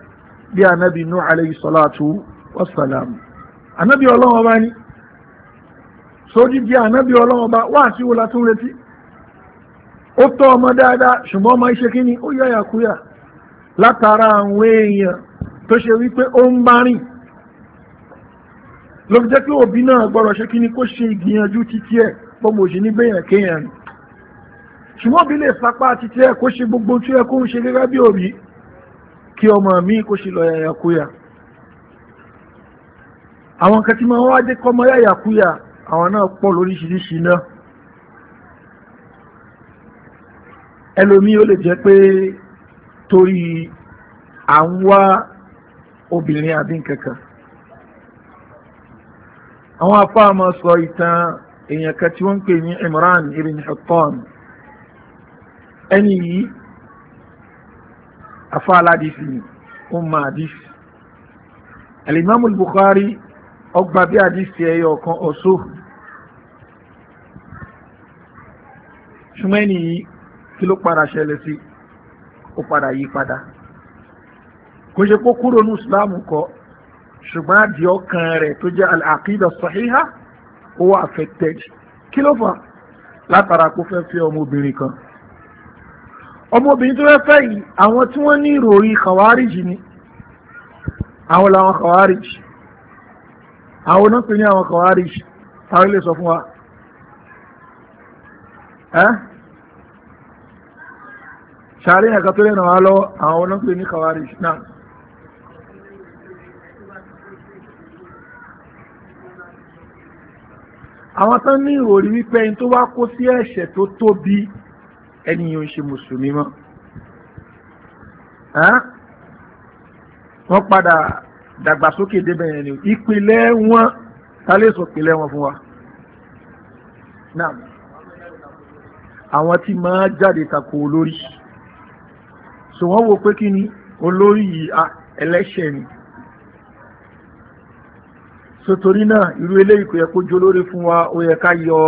bí ànábì inú ànábì ọlọ́run ọba ni sójú di ànábì ọlọ́run ọba wá sí wo la tún retí ó tọ́ ọmọ dáadáa ṣùgbọ́n ọmọ iṣẹ́ kínní ó ya látara àwọn èèyàn tó ṣe wípé ó ń ló fi jẹ́ pé òbí náà gbọ́dọ̀ ṣe kí ni kó ṣe ìgbìyànjú títí ẹ̀ pọ́mọ òṣì ní gbẹ̀yàn kéèyàn ni ṣùgbọ́n òbí lè sapá títí ẹ̀ kó ṣe gbogbo tí ẹ kó ń ṣe gẹ́gẹ́ bí òbí kí ọmọ mi kó ṣe lọ yàyàkúyà àwọn nǹkan tí máa wá dé kọ́mọ yàyàkúyà àwọn náà pọ̀ lóríṣiríṣi náà ẹlòmí ó lè jẹ́ pé torí à ń wá obìnrin àbí nǹkan kan àwọn afá ma sọ ìtàn èèyàn kan tí wọ́n ń pè ní Imran ibn Hattan ẹni yìí afá aládìsí ni ó ma àdìsí alimami Bukhari ọgbà bí àdìsí ẹyọ kan ọ̀ṣọ́ ṣùgbọ́n ẹni yìí kí ló padà ṣẹlẹ̀ sí ó padà yí padà kò ṣe kó kúrò ní Islam kọ́ ṣùgbọ́n àdì ọkàn rẹ̀ tó jẹ́ al-aqida sahiha ó wà affected kí ló fà látara kó fẹ́ fẹ́ ọmọbìnrin kan ọmọbìnrin tó fẹ́ fẹ́ yìí àwọn tí wọ́n ní ìròrí kàwárìjì ni àwọn làwọn kàwárìjì àwọn náà pè ní àwọn kàwárìjì táwọn ilé sọ fún wa ṣàríyàn kan tó lẹ́nu wa lọ́wọ́ àwọn náà pè ní kàwárìjì náà. àwọn tán ní ìròrí wípé ẹni tó wá kó sí ẹ̀ṣẹ̀ tó tóbi ẹniyàn ṣe mùsùlùmí mọ́ wọ́n padà dàgbàsókè débẹ̀ yẹn ni ìpìlẹ̀ wọn ta lè sọ ìpìlẹ̀ wọn fún wa náà àwọn tí máa jáde tako olórí so wọ́n wo pé kí ni olórí yìí ẹlẹ́ṣẹ̀ ni so torí náà irú eléyìí kò yẹ kó jolórí fún wa ó yẹ ká yọ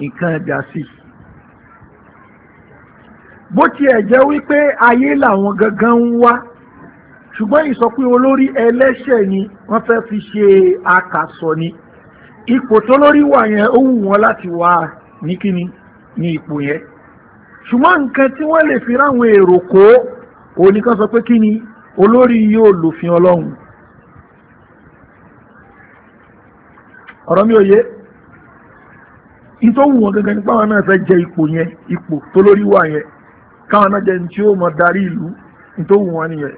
nǹkan ẹ̀dá sí i bó tiẹ̀ jẹ́ wípé ayé làwọn gangan ń wá ṣùgbọ́n ìsọpé olórí ẹlẹ́ṣẹ̀ ni wọ́n fẹ́ fi ṣe àkàsọ ni ipò tó lórí wà yẹn ó wù wọ́n láti wà ní kíni ní ipò yẹn ṣùgbọ́n nǹkan tí wọ́n lè fi ráwọn èrò kó òun nìkan sọ pé kíni olórí yóò lòfin ọlọ́run ọ̀rọ̀ mi ò yé wọn gangan nípa àwọn náà fẹ́ jẹ ipò yẹn ipò tó lórí wà yẹn káwọn náà jẹ ní tí ó mọ darí ìlú nítorí wọn nìyẹn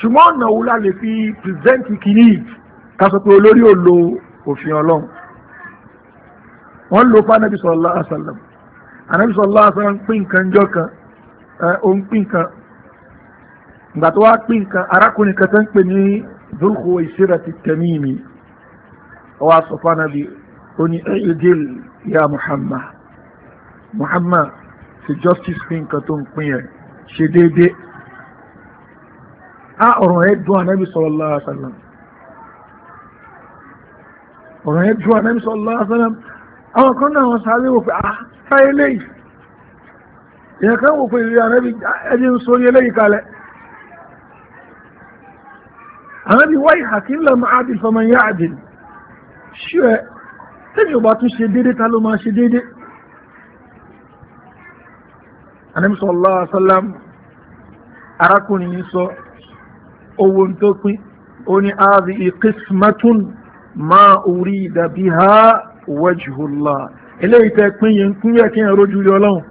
ṣùgbọ́n ọ̀nà wo la lè fi present kìíní ká sọ pé olórí ò lo òfin ọlọ́run lo ń pín nǹkan jọ kan pín nǹkan ìgbà tó wá pín nǹkan arákùnrin kan tó ń ọwọ́ sọ fún anabi ó ní ẹ̀ẹ́dẹ́l ya muhammad muhammad ṣe justice fi nǹkan tó ń pín yẹn ṣe déédéé a ọ̀rọ̀ ẹ̀ dùn anabi sallallahu alaihi wasallam ọ̀rọ̀ ẹ̀ dùn anabi sallallahu alaihi wasallam àwọn kan náà wọn sáré wò pé a ah, sáyé léyìí ìyẹn wò pé ìrírí anabi ẹni ń sórí eléyìí kalẹ̀ anabi wáyé hakim lam adil faman ya'dil iṣu ẹ tẹ́mi ò bá tún ṣe déédé ta ló máa ṣe déédé Ànábì sallallahu alaihi wasallam arákùnrin yìí sọ owó tó pín ó ní hadhihi qismatun ma urida biha wajhullah eléyìí tẹ́ pín yìí ń kún yẹ kí n rojú yọ lọ́hùn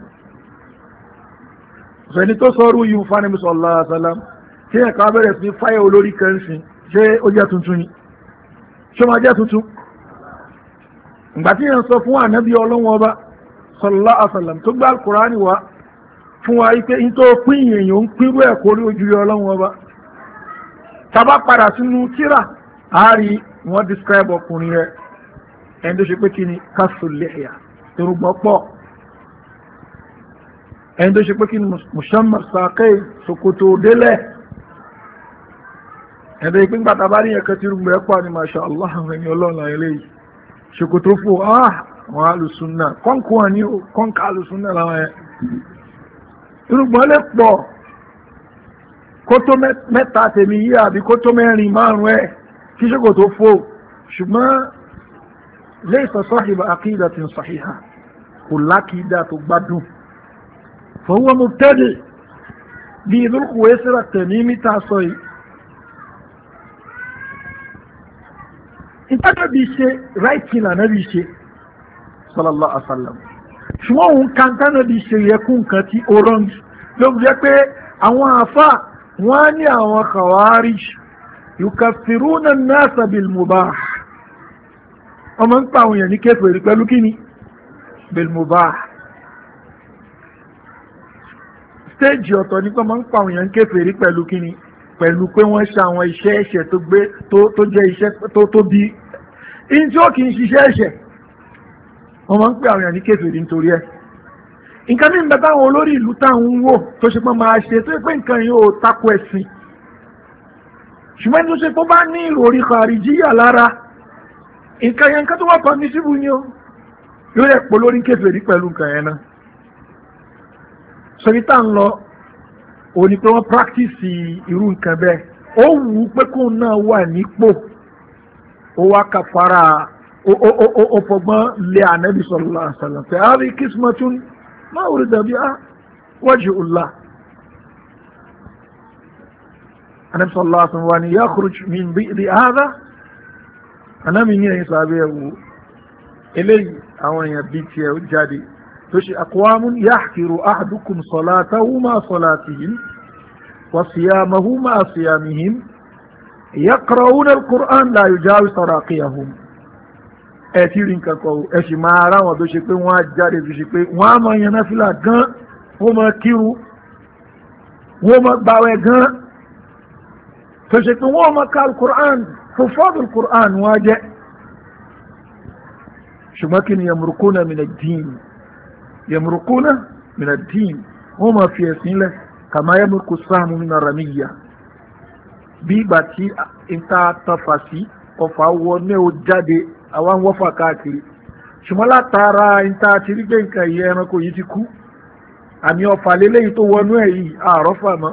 sẹni tó sọ rú yìí fún Ànábì sallallahu alaihi wasallam tí bẹ̀rẹ̀ sí fáyẹ̀ olórí kan ìgbàtí yẹn sọ fún ànábì ọlọ́wọ́n ọba sallallahu alaihi wasallam tó gbá alukurani wa fún wa ike yín tó pín èèyàn ń pínrú ẹ̀ kórí ojú ọlọ́wọ́n ọba tábà padà sínú tíra àárí wọn describe ọkùnrin rẹ ẹni tó ṣe pé kí ni kásùlẹ̀yà irùngbọ̀n pọ̀ ẹni tó ṣe pé kí ni mùsàmà sàkẹ́ sokoto délẹ̀ ẹni tó ṣe pé gbàtà bá ní ẹ̀kẹ́ tí irùngbọ̀n ẹ̀ pọ̀ ni masha allah ẹni ọlọ́run àyẹlẹ́yìí ṣòkòtò fò ah, àwọn alùsùnà kọ́ǹkù wọn ni ó kọ́ǹkà alùsùnà làwọn yẹn irúgbọ́n lè pọ̀ kótó mẹ́ta tèmi yí àbí kótó mẹ́rin márùn ẹ̀ kí ṣòkòtò fò ṣùgbọ́n laysa sahiba aqidatin sahiha kò lákìídà tó gbádùn fa huwa mubtadi bí Dhul Khuwaysira tẹ̀mí mítà sọ yìí tánàbí ṣe ráìtì lànàbí ṣe sọlọ́lá àṣàlám ṣùgbọ́n òun kan tánàbí ṣe yẹ kún nǹkan tí ó rọ́ng ló jẹ́ pé àwọn àfa wọn á ní àwọn kàwárí yukafiruna nasa bil mubah ọmọ ń pa àwọn èèyàn ní kéfèrè pẹ̀lú kíni bil stéèjì ọ̀tọ̀ ní pé ọmọ ń pa àwọn èèyàn ní kéfèrè pẹ̀lú kíni pẹ̀lú pé wọ́n ṣe àwọn iṣẹ́ ẹ̀ṣẹ̀ tó gbé tó jẹ́ iṣẹ́ tó tóbi in tí ó kì í ṣiṣẹ́ ẹ̀ṣẹ̀ wọ́n máa ń pè àwọn èèyàn ní kéfèrè nítorí ẹ̀ nǹkan ní ìgbà táwọn olórí ìlú táwọn ń wò tó ṣe pé máa ṣe tó pé nǹkan yìí ò tako ẹ̀sìn ṣùgbọ́n tó ṣe pé bá ní ìròrí kàríjíyà lára nǹkan yẹn nǹkan tó wà pàmísìbù ni ó yóò rẹ̀ pọ̀ lórí kéfèrè pẹ̀lú nǹkan yẹn náà sọ́bí tá ń lọ òní pé wọ́n practice irú nǹkan bẹ́ẹ̀ ó wù ú pé kóun náà wà nípò هو كفر وفما لي النبي صلى الله عليه وسلم فهذه قسمة ما أريد بها وجه الله النبي صلى الله عليه وسلم يخرج من بئر هذا أنا من هنا يصابيه إلي أولا يبيتي جادي تشي أقوام يحكر أحدكم صلاته ما صلاتهم وصيامه ما صيامهم yaqra'una al-Qur'an la yujawizu taraqiyahum ẹ ti rí nǹkan kọ ẹ sì máa ara wọn tó ṣe pé wọ́n á jáde tó ṣe pé wọ́n á máa yan náfìlà gan wọ́n máa kírun wọ́n máa gbàwẹ̀ gan tó ṣe pé wọ́n máa ka al-Qur'an fufad al-Qur'an wọ́n á jẹ́ ṣùgbọ́n kí ni yamurukuna mina dín yamurukuna mina dín wọ́n máa fi ẹ̀sìn lẹ̀ kàmá yamuruku sáàmù mina ramiya bí ìgbà tí ìta tọfà sí ọfà wọ ní o jáde àwọn wọ́fà káàkiri ṣùgbọ́n látara ìta ti rí gbé nǹkan yìí ẹranko yìí ti kú àmì ọfà lélẹ́yìí tó wọnú ẹ̀ yìí àrọ́fà mọ́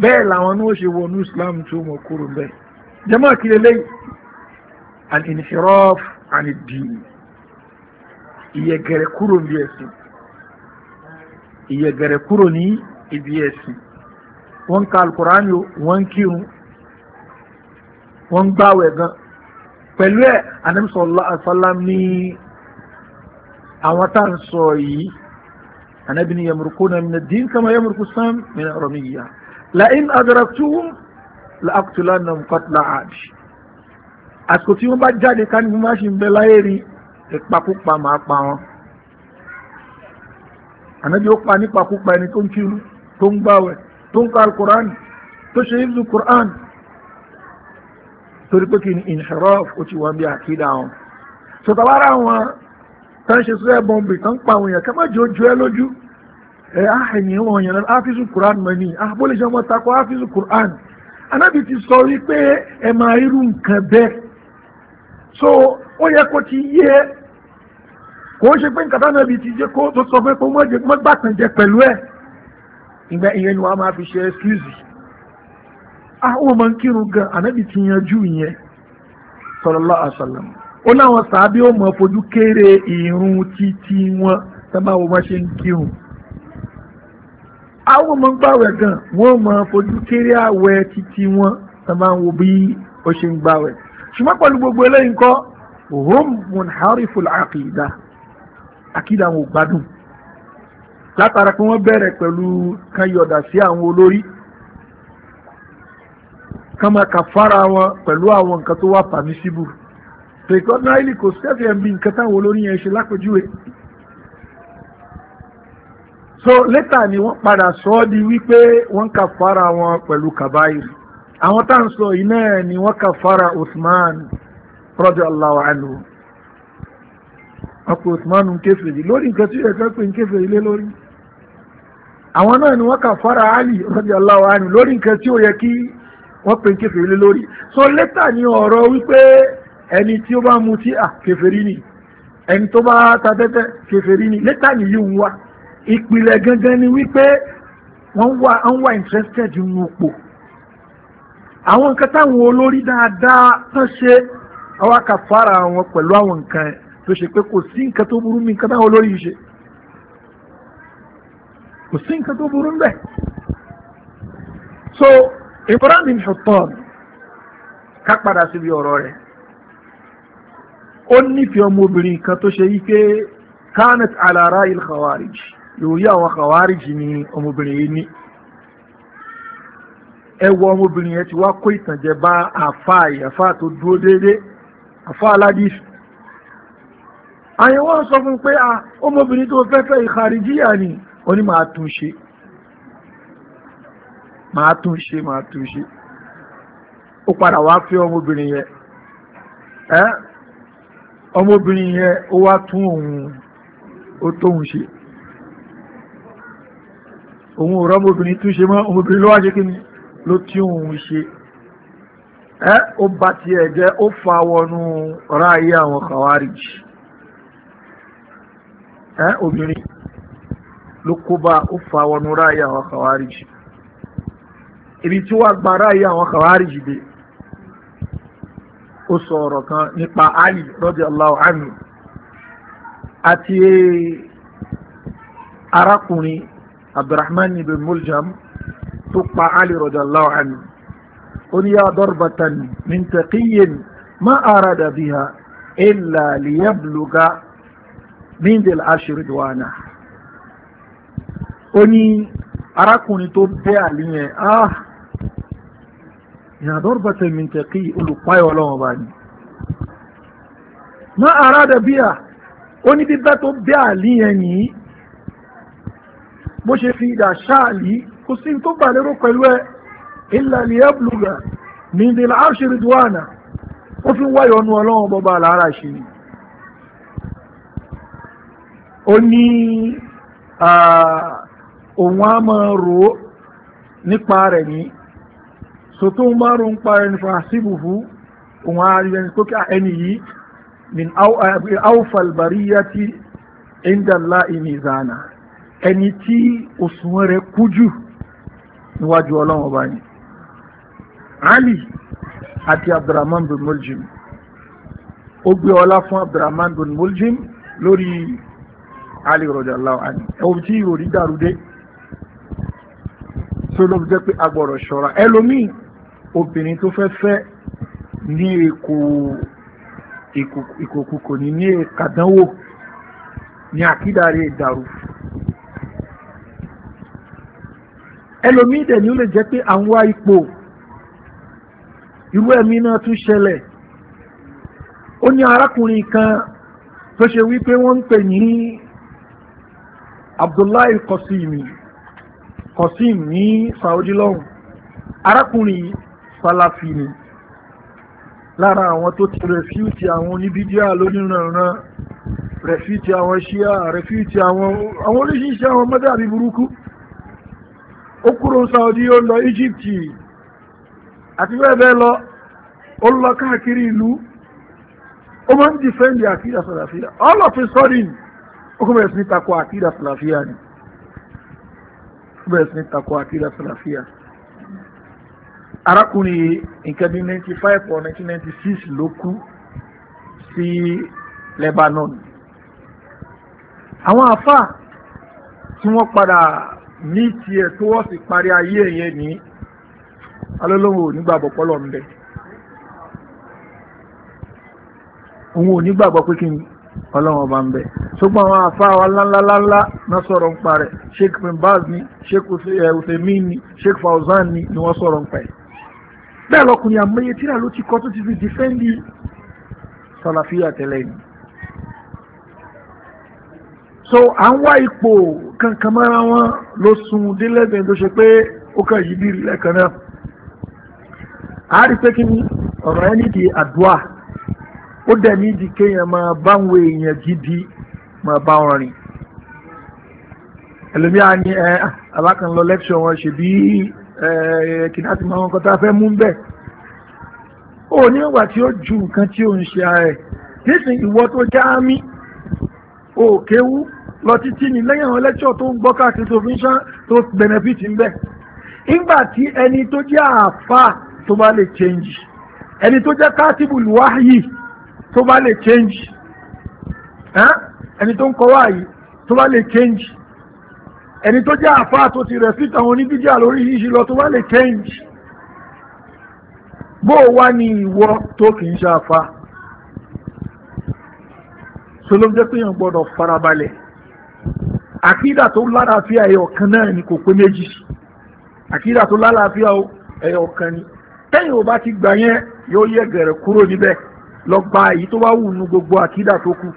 bẹ́ẹ̀ làwọn ní ṣe wọnú Islam tó mọ̀ kúrò bẹ́ẹ̀ jẹ́mọ́ kí lélẹ́yìí al-inhiraf an-din ìyẹ̀gẹ̀rẹ̀ kúrò ní ibi ẹ̀sìn wọ́n ń ka alukurani o wọ́n ń kírun wọ́n ń gbàwẹ̀ gan pẹ̀lú ẹ̀ Ànábì sallallahu alaihi wasallam ní àwọn tá à ń sọ yìí Ànábì ní yamurukuna mina dín kama yamuruku sam mina ramiya la'in adraktuhum la'aqtulannahum qatla 'ad àsìkò tí wọ́n bá jáde ká ní fúnmáṣí ń bẹ láyé rí ìpakúpa máa pa wọn Ànábì ó pa nípakúpa ẹni tó ń kírun tó ń gbàwẹ̀ tó ń ka alukur'an tó ṣe ibùdó kur'an torí pé kí ni inhiraf ó ti wà bí àkídà wọn sọtàwárà wọn tá ń ṣe sọ́yà bọ́m̀bì tá ń pa àwọn èèyàn ká má jẹ́ ojú ẹ lójú ẹ àhẹ̀yìn wọn yẹn lọ́nà áfíìsù kur'an mọ́ ni àbólè ṣe wọn takọ áfíìsù kur'an anábì ti sọ wípé ẹ máa irú nǹkan bẹ́ẹ̀ so ó yẹ kó ti yé kò ń ṣe pé nǹkan tánàbì ti jẹ́ kó tó sọ pé kó mọ́ gbàtànjẹ pẹ̀lú ẹ̀ ìgbà ìyẹn ni wọ́n máa fi ṣe ẹ́skúùsì àwọn ọmọ kírun gan ànábì ti yanjú ìyẹn sallallahu alaihi wasallam ó láwọn sàábí ó mọ̀ fojú kéré ìrun títí wọn sábà wọ́n máa ṣe ń kírun àwọn ọmọ gbàwẹ̀ gan wọ́n mọ̀ fojú kéré àwẹ̀ títí wọn sábà wọ́n bí ó ṣe ń gbàwẹ̀ ṣùgbọ́n pẹ̀lú gbogbo eléyìí kọ́ hum munhariful aqida akida wọn ò gbádùn látara pé wọ́n bẹ̀rẹ̀ pẹ̀lú kan yọ̀dà sí àwọn olórí kan máa kà fara wọn pẹ̀lú àwọn nǹkan tó wà pàmísíbù pẹ̀kọ́ náírà kò sẹ́fì ẹ̀mí nǹkan táwọn olórí yẹn ṣe lápèjúwe so lẹ́tà ni wọ́n padà sọ ọ́ di wípé wọ́n kà fara wọn pẹ̀lú kàbáyìrì àwọn tá à ń sọ yìí náà ni wọ́n kà fara Uthman radiyallahu anhu ọkọ̀ Uthman ń kéfèé lórí nǹkan tí ẹ̀ka pé ń kéfèé lé lórí àwọn náà ni wọ́n kà fara ali radiyallahu anhu lórí nǹkan tí ó yẹ kí wọ́n pè kèfèrí lé lórí so létà ni ọ̀rọ̀ wípé ẹni tí ó bá mutí à kèfèrí ni ẹni tó bá ta tẹ́tẹ́ kèfèrí ni létà ni yìí ń wá ìpìlẹ̀ gangan ni wípé wọ́n wà ń wà interested nínú òpò àwọn nǹkan táwọn olórí dáadáa tán ṣe àwọn kà fara wọn pẹ̀lú àwọn nǹkan tó ṣe pé kò sí nǹkan tó burú mi nǹkan táwọn olórí yìí kò sí nǹkan tó burú bẹ́ẹ̀ so Imran bin Khattab ká padà síbi ọ̀rọ̀ rẹ̀ ó nífẹ̀ẹ́ ọmọbìnrin kan tó ṣe yí pé kanat ala ra'il khawarij ìwòye àwọn khawarij ni ọmọbìnrin yìí ní ẹwọ ọmọbìnrin yẹn ti wá kó ìtànjẹ bá àfáà yìí àfáà tó dúró déédéé àfáà aládìsí àyẹ̀wò sọ fún pé ọmọbìnrin tó fẹ́fẹ́ ìkàríjíyà ni ó ní máa tún ṣe máa tún ṣe máa tún ṣe ó padà wá fẹ́ ọmọbìnrin yẹn ẹ́ ọmọbìnrin yẹn ó wá tún òun ó tóun ṣe òun ò rọ́mọbìnrin tún ṣe mọ́ ọmọbìnrin ló wá ṣe kí ni ló tí òun ṣe ẹ́ ó bá tiẹ̀ jẹ́ ó fa wọnú ráàyè àwọn kàwárìjì ẹ́ obìnrin ló kó bá ó fa wọnú ráàyè àwọn kàwárìjì ibi tí wàá gba ráàyè àwọn kàwárìjì dé ó sọ ọ̀rọ̀ kan nípa Ali radiyallahu anhu àti arákùnrin Abdurrahman ibn Muljam tó pa Ali radiyallahu anhu ó ní yá darbatan min taqiyyin ma arada biha illa liyabluga bíndìl ashridwana ó ní arákùnrin tó bẹ́ àlíyẹn ah ìrànlọ́rùbọ̀tẹ̀ mi tẹ̀kí olùpáyọ̀ ọlọ́run bá ní má aráda bíà ó ní bíbẹ́ tó bẹ́ àlíyẹn nìyí bó ṣe fi ìdà ṣáàlì kò sí tó gbà lérò pẹ̀lú ẹ illa liyabluga min dhil ridwana ó fi ń wáyọ̀ ọnu ọlọ́run bọ́ba àlàárà ṣe ni ó ní ah, òun á máa rò ó nípa rẹ̀ ní sòtó ń bá ròun pa ẹni fa síbùfú òun á rí ẹni tókè ẹni yìí min eh, awfal bariyati inda Allahi ẹni tí òṣùwọ̀n rẹ̀ kú jù níwájú ọlọ́run ọba ni ali àti abdulrahman bin muljim ó gbé ọlá fún abdulrahman bin muljim lórí ali radiyallahu anhu ẹ̀wọ̀n tí ìròrí dàrú dé tó ló jẹ́ pé agbọ̀rọ̀ ṣọ́ra ẹlòmíì obìnrin tó fẹ́ fẹ́ ní èkó ìkòkòkò ní ní kàdánwò ní àkídàrí ìdàrú ẹlòmíì dẹ̀ ni ó lè jẹ́ pé àwọn ipò irú ẹ̀mí náà tún ṣẹlẹ̀ ó ní arákùnrin kan tó ṣe wípé wọ́n ń pè ní Abdullahi Kosimi Qasim ní Saudi lọ́hùn arákùnrin Salafi ni lára àwọn tó ti rẹ̀fíìtì àwọn oníbídíà lónìrànran rẹ̀fíìtì àwọn ṣíà rẹ̀fíìtì àwọn oríṣiríṣi àwọn mọ́dàbí burúkú ó kúrò Saudi ó lọ Egypt àti bẹ́ẹ̀ bẹ́ẹ̀ lọ ó lọ káàkiri ìlú ó máa ń dìfẹ́ǹdì àkídà Salafiyya all of a sudden ó kọ́ bẹ̀rẹ̀ takò àkídà Salafiyya ni bẹ̀rẹ̀ sí ní takò àkídà sàlàfíà arákùnrin nǹkan bíi ninety five or nineteen ninety six ló kú sí Lebanon àwọn àfáà tí wọ́n padà ní tiẹ̀ tó wọ́n sì parí ayé yẹn ní alólówó onígbàgbọ́ pọ́lọ́ ń bẹ òun ò pé kí ni ọlọ́run ọba ń bẹ ṣùgbọ́n àwọn àfáà wa ńláńláńlá náà sọ̀rọ̀ ń pa rẹ̀ sheikh bimbaz ni sheikh eh, uthemin ni sheikh fauzan ni ni wọ́n sọ̀rọ̀ ń pa ẹ̀ bẹ́ẹ̀ lọkùnrin àmọye tíra ló ti kọ́ tó ti fi dìfẹ́ǹdì sàlàfíà tẹ́lẹ̀ ni so à ń wá ipò kankan mọ́ra wọn ló sun délẹ́gbẹ̀ẹ́ tó ṣe pé ó kàn yí bí lẹ́ẹ̀kan náà a pé kí ni ọ̀rọ̀ ẹni di àdúrà ó dẹ̀ ní ìdí kéèyàn máa bá àwọn èèyàn gidi máa bá wọn rìn ẹlòmíà ni ẹ alákànlọ lẹ́kṣọ̀ wọn ṣe bí kìnnà ti máa wọn kọ́ta fẹ́ mú bẹ́ẹ̀ ó ní ìgbà tí ó ju nǹkan tí ó ń ṣe ààrẹ nísìn ìwọ tó já mí ó kéwú lọ títí ní lẹ́yìn àwọn lẹ́kṣọ̀ tó ń gbọ́ káàkiri tó fi ń ṣán tó bẹnẹfìtì ń bẹ̀ ìgbà tí ẹni tó jẹ́ àáfà tó bá lè change ẹni tó jẹ́ kátìbù lùwáyìí tó bá lè change ẹni tó ń kọ́ wá yìí tó bá lè change ẹni tó jẹ́ àfáà tó ti rẹ̀ síta àwọn oníbíjà lórí yíyí lọ tó bá lè change bó o wá ní ìwọ tó kì ṣe àfáà solom jẹ́ pé èèyàn gbọ́dọ̀ farabalẹ̀ àkídà tó lálàáfíà ẹyọ kan náà ni kò pé méjì àkídà tó lálàáfíà ẹyọ kan ni tẹ́yìn ò bá ti gbà yẹn yóò yẹ gẹ̀rẹ̀ kúrò níbẹ̀ lọ gba èyí tó wá wù nu gbogbo àkídà tó kù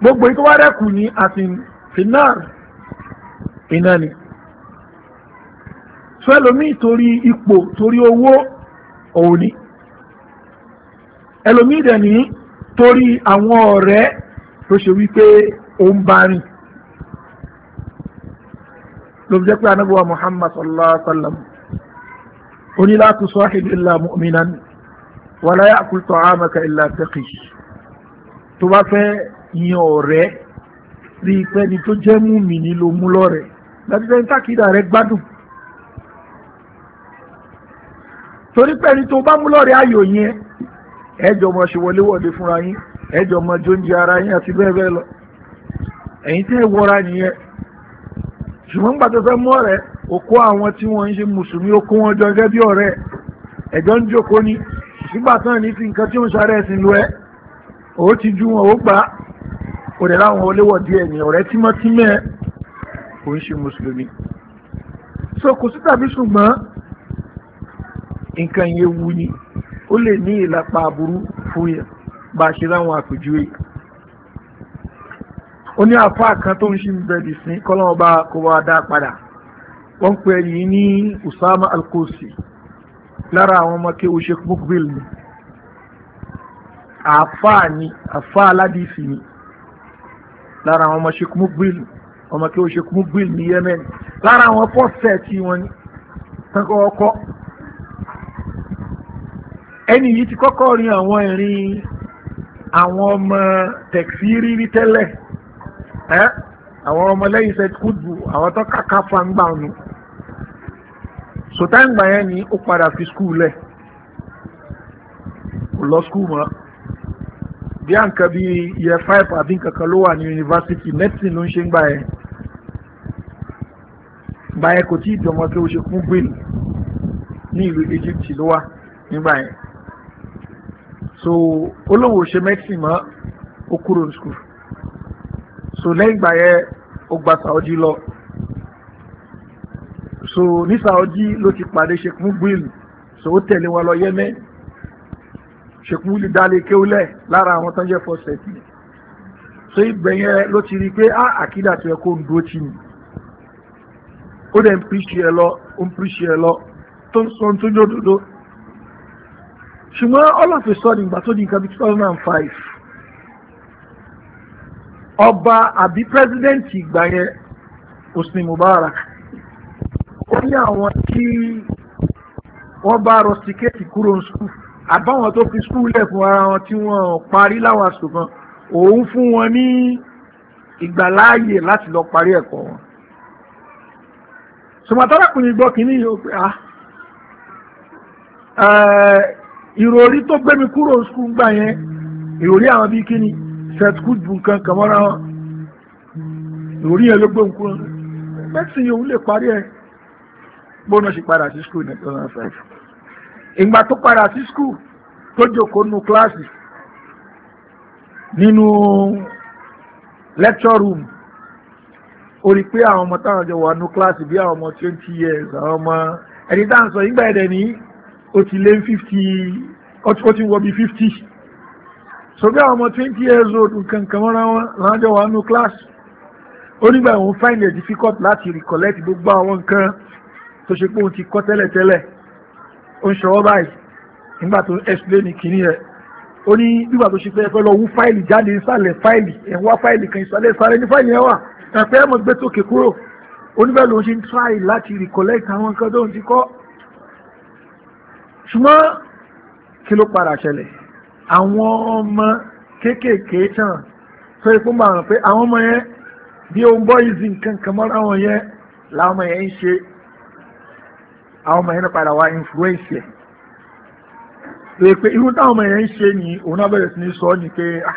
gbogbo èyí tó wá rẹ́kù ní àsìn finar iná ni fẹ́lòmíì torí ipò torí owó òun ni ẹlòmíì dẹ̀ ní torí àwọn ọ̀rẹ́ tó ṣe wípé ó ń bá rìn ló fi jẹ́ pé anábíwá Muhammad sallallahu alaihi wa sallam onílàtúnṣọ́ ìlú ìlà mu'minan ni wala ya'kul ta'amaka illa taqi tó bá fẹ́ yan ọ̀rẹ́ rí i pé ni tó jẹ́ mùmínì ló mú lọ́rẹ̀ láti fẹ́ tákìdá rẹ gbádùn torí pé ni tó bá mú lọ́rẹ̀ ayò yẹn ẹjọ́ mọ̀ ṣe wọléwọ̀de fúnra yín ẹjọ́ mọ̀ jóúnjẹ ara yín àti bẹ́ẹ̀ bẹ́ẹ̀ lọ ẹ̀yin tẹ́ wọra nìyẹn ṣùgbọ́n gbàtọ́ fẹ́ mú ọ̀rẹ́ òkú àwọn tí wọ́n ń ṣe mùsùlùmí ó wọn jọ gẹ́gẹ́ bí ọ̀rẹ́ ẹ̀jọ́ ń jókòó ni sígbà tán ní fi nǹkan tí ó ń sáré ẹ̀sìn lu ẹ́ ó ti ju wọn ó gbà òdẹ̀ láwọn oléwọ̀ díẹ̀ ní ọ̀rẹ́ tímọ́tímọ́ ẹ̀ kò ń ṣe mùsùlùmí so kò sí tàbí ṣùgbọ́n nǹkan yẹn wu ni ó lè ní ìlàpá aburú fún yẹn bá a ṣe láwọn àpèjúwe ó ní àfáà kan tó ń ṣe ń bẹ̀rẹ̀ sí kọ́lọ́mọba kó wá dá padà wọ́n pè é ní Usama Al-Kosi lára àwọn ọmọ kéwu Sheikh Mukbil ni àfáà ni àfáà aládìsí ni lára àwọn ọmọ Sheikh Mukbil ọmọ kéwu Sheikh Mukbil ní Yemen lára àwọn pọ́sẹ̀ tí wọ́n ní kankan ọkọ́ ẹni yìí ti kọ́kọ́ rin àwọn ìrìn àwọn ọmọ tẹ̀sírí rí tẹ́lẹ̀ àwọn ọmọ lẹ́yìn sẹ́kúdù àwọn tó kàkà fangbà nù sọtáǹgbà yẹn ni ó padà fi skul lẹ̀ kò lọ skul mọ́ bí à ń kẹ́ bí yẹ five àbí nǹkan kan ló wà ní yunifásitì medicine ló ń ṣe ń gbà yẹn gbà yẹn kò tí ì dọ̀mọ́ pé ó ṣe fún gbèlú ní ìlú Egypt ló wà nígbà yẹn so olówó ṣe medicine mọ́ ó kúrò ní skul so lẹ́yìn gbà yẹn ó gba Saudi lọ so ní Saudi ló ti pàdé Sheikh Mubil so ó tẹ̀lé wọn lọ Yemen Sheikh Mubil dálé kéwúlẹ̀ lára àwọn tó ń jẹ́ fọ́sẹ̀tì so ibẹ̀ yẹn ló ti rí pé á ah, àkídà tó yẹ kó ń dúró tì ní ó dẹ̀ ń píṣì ẹ lọ ó ń píṣì ẹ lọ tó ń sọ tó jó dodo ṣùgbọ́n ọlọ́fẹ́ sọ nígbà tó di nǹkan bí 2005 ọba àbí pírẹsidẹ́ǹtì ìgbà yẹn Hosni Mubarak sí àwọn tí wọ́n bá rọ tíkẹ́ẹ̀tì kúrò ní skul àbáwọn tó fi skul lẹ̀ fún ara wọn tí wọ́n parí láwọn àsùnkan òun fún wọn ní ìgbàláàyè láti lọ parí ẹ̀kọ́ wọn. sọmọtàlákùnrin gbọ́ kínní yìí ó pé ah eh, ìròrí tó gbé kúrò ní skul gbà yẹn ìròrí àwọn bíi kínní sẹ́tkù ju nǹkan kàn mọ́ra wọn ìròrí yẹn ló gbé mi kúrò mẹ́sìn yòówù lè parí ẹ̀ gbóná sì padà sí skul ní 2005 ìgbà tó padà sí skul tó jòkó nínú kíláàsì nínú lecture room ó rí pé àwọn ọmọ táwọn jọ wà nínú kíláàsì bí àwọn ọmọ 20 years àwọn ọmọ ẹni tá à ń sọ ìgbà ẹ̀dẹ̀ ní ó ti lé 50 ó ti wọ bí 50 so bí àwọn ọmọ 20 years old nǹkan kan mọ́ra wọn láwọn jọ wà nínú kíláàsì ó nígbà òun find it difficult láti recollect gbogbo àwọn nǹkan tó ṣe pé òun ti kọ́ tẹ́lẹ̀tẹ́lẹ̀ ó ń ṣọwọ́ báyìí nígbà tó ń explain kìíní ẹ̀ ó ní nígbà tó ṣe pé ẹ fẹ́ lọ wú fáìlì jáde ìsàlẹ̀ fáìlì ẹ̀ fáìlì kan ìsàlẹ̀ ìsàlẹ̀ ní fáìlì yẹn wà ẹ̀fẹ́ ẹ̀ mọ̀ gbé tókè kúrò oníbẹ̀ ló ń ṣe ń try láti recollect àwọn nǹkan tó ń ti kọ́ ṣùgbọ́n kí ló padà ṣẹlẹ̀ àwọn ọmọ kéékèèké tàn sọ ikú máa ràn pé àwọn ọmọ yẹn bí ohun bọ́ ìzì nǹkan kan mọ́ra wọn yẹn láwọn ọmọ yẹn ń ṣe àwọn ọmọ yẹn padà wá influence ẹ̀ lè pé irú táwọn ọmọ yẹn ń ṣe ni òun náà sí sọ ni pé ah,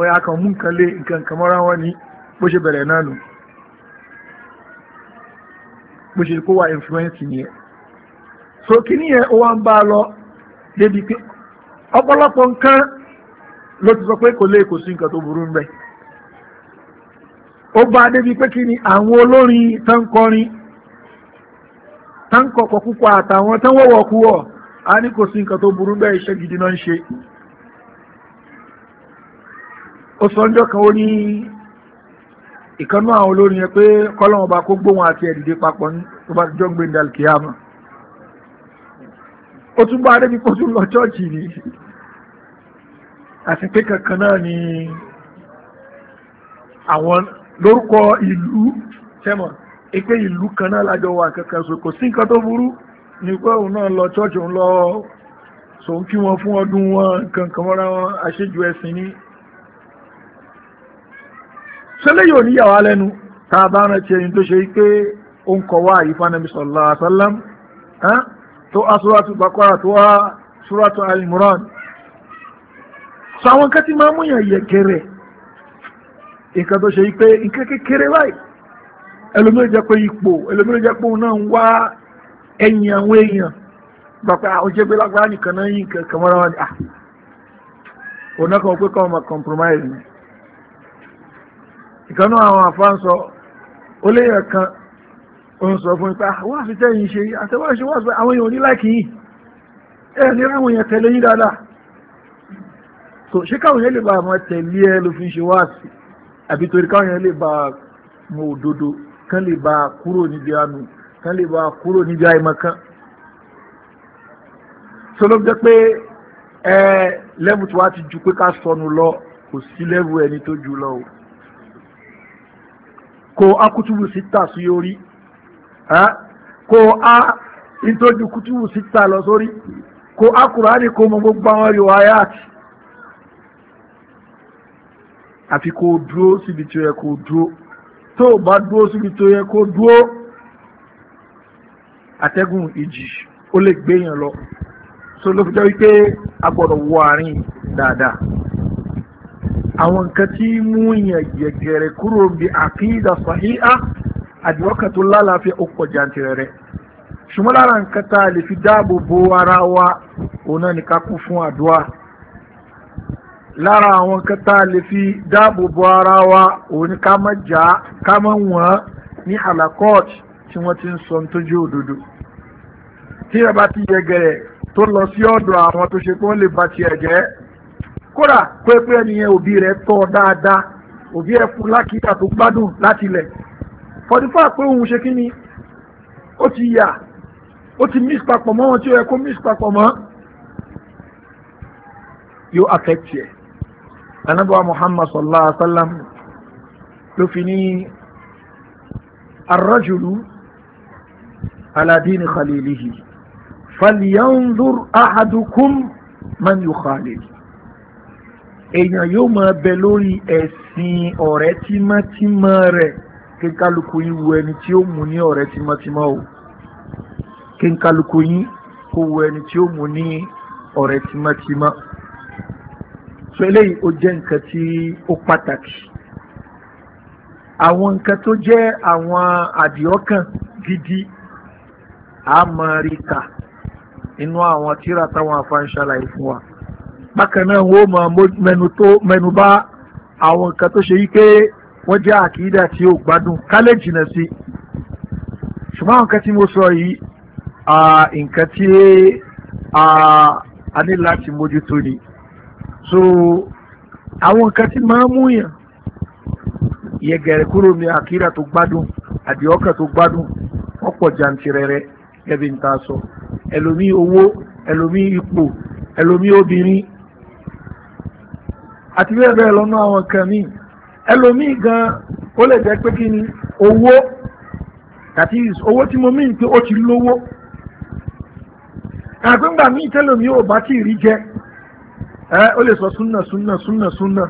ọ̀yà kan mú nǹkan lé nǹkan kan mọ́ra ni bó ṣe bẹ̀rẹ̀ náà nù bó ṣe kó wá so kìíní yẹn ó wá ń bá a lọ débi pé ọ̀pọ̀lọpọ̀ nǹkan ló ti sọ pé kò lè kò sí nǹkan tó burú ń bẹ̀ ó bá a àwọn olórin tán kọrin táǹkọ̀kọ̀ púpọ̀ àtàwọn tán wọ́wọ́ kú wọ̀ a ní kò sí nǹkan tó burú bẹ́ẹ̀ iṣẹ́ gidi náà ń ṣe ó sọ ọjọ́ kan ó ní ìkanú àwọn olórin yẹn pé kọ́lọ́wọ́n ọba kó gbóhùn àti ẹ̀dìdè papọ̀ ní tó bá jọ gbé ndal ó tún bá débi kó tún lọ chọ́ọ̀chì ni àti pé kankan náà ni àwọn lórúkọ ìlú tẹ́mọ̀ ipé ìlú kan náà lájọ wà kankan so kò sí nǹkan tó burú ní pé òun náà lọ church òun lọ so ń kí wọn fún ọdún wọn nǹkan kan mọ́ra wọn àṣejù ẹ̀sìn ní sẹ́lẹ̀ yóò níyàwó alẹ́nu tá a bá rántí ẹni tó ṣe pé ó ń kọ wá àyífánàbí sallallahu alaihi wasallam tó a suratu tó a suratu al sọ àwọn kan máa mú yàn yẹ̀kẹ̀rẹ̀ nǹkan tó ṣe pé nǹkan kékeré báyìí ẹlòmíràn jẹ́ pé ipò ẹlòmíràn jẹ́ pé òun náà ń wá ẹ̀yìn àwọn èèyàn gbàgbà òṣègbè ah, lágbára nìkan náà yín kankan wọn ah òun náà kàn pé kàn máa compromise ni ìkànnà àwọn àfáà ń sọ ó léyàn kan òun sọ fún ipa ah, wá sí tẹ́yìn ṣe àtẹ́wàṣe wá sí àwọn èèyàn ní láìkì yìí ẹ̀ ní ráwọn èèyàn tẹ̀lé yín dáadáa so ṣé káwọn èèyàn lè bá àwọn tẹ̀lé ẹ ló fi ṣe wá sí àbí torí káwọn èèyàn lè bá mọ òdodo kán lè bá kúrò níbi àánú kán lè bá kúrò níbi àìmọ̀kan tó ló jẹ́ pé ẹ lẹ́bù tó wá ti ju pé ká sọnù lọ kò sí lẹ́bù ẹni tó jù lọ o kò akutubu síta sí orí kò a nítorí kutubu síta lọ sórí kò á Kùránì kò mọ gbogbo àwọn ìwà ayé àti àfi kò dúró síbi tí ó yẹ kò dúró. tó o bá dúró síbi tó yẹ kó dúró atẹ́gùn ìjì ó lè gbéyàn lọ so ló fi jẹ́ wípé a gbọ́dọ̀ wọ àárín dáadáa àwọn nǹkan tí mú yàn gẹ̀gẹ̀rẹ̀ kúrò bí àkídà sàhíhà àdìwọ́kàn tó lálàáfíà ó pọ̀ jàǹtìrẹ̀ rẹ̀ ṣùgbọ́n lára nǹkan fi dáàbò bo ara wa òun náà ká kú lára àwọn kẹta lè fi dáàbò bo ara wa òun ká má jà ká má wọ́n ní halakot tí wọ́n ti ń sọ nítorí òdodo tí ẹ bá ti yẹgẹrẹ tó lọ sí ọ̀dọ̀ àwọn tó ṣe pé wọ́n lè ba tiẹ̀ jẹ́ kódà pépé ẹnìyẹn òbí rẹ̀ tọ́ dáadáa òbí ẹ̀ fún lákìtà tó gbádùn láti lẹ̀ fọdífà pé òun ṣe kí ni ó ti yà ó ti mix papọ̀ mọ́ wọn tí ó yẹ kó mix papọ̀ mọ́ yóò affect yẹ anábọ́wá muhammad sallallahu alaihi wa sallam ló fi ní arrajulu ala dini khalilihi falyanzur ahadukum man yukhalil èèyàn yóò máa bẹ lórí ẹ̀sìn ọ̀rẹ́ tímọ́tímọ́ rẹ̀ kí kálukú yín wo ẹni tí ó mú ní ọ̀rẹ́ tímọ́tímọ́ o kí kálukú yín kó wo ẹni tí ó mú ní ọ̀rẹ́ tímọ́tímọ́ so eléyìí ó jẹ́ nǹkan tí ó pàtàkì àwọn nǹkan tó jẹ́ àwọn àdìọ́kàn gidi amẹ́ríkà inú àwọn tíra táwọn afáǹṣàlàyé fún wa bákan náà wọ́n mọ mẹnubá àwọn nǹkan tó ṣe yí pé wọ́n jẹ́ àkídà tí ó gbádùn kálẹ̀ jìnà sí ṣùgbọ́n àwọn nǹkan tí mo sọ yìí nǹkan tí a ní láti mójútó ni so àwọn nǹkan tí máa mú yàn yẹgẹrẹ kúrò ní àkírà tó gbádùn àdìọ́kà tó gbádùn wọ́n pọ̀ jantirẹrẹ ẹbí ń ta sọ ẹlòmí owó ẹlòmí ipò ẹlòmí obìnrin àti bẹ́ẹ̀ bẹ́ẹ̀ lọ́nà àwọn nǹkan míì ẹlòmí gan ó lè jẹ́ pé kí ni owó that is owó tí mo mí pé ó ti lówó àgbẹ̀ngbà míì tẹ́lòmí ò bá tí ì rí jẹ́ Ee ó lè sọ súnà súnà súnà súnà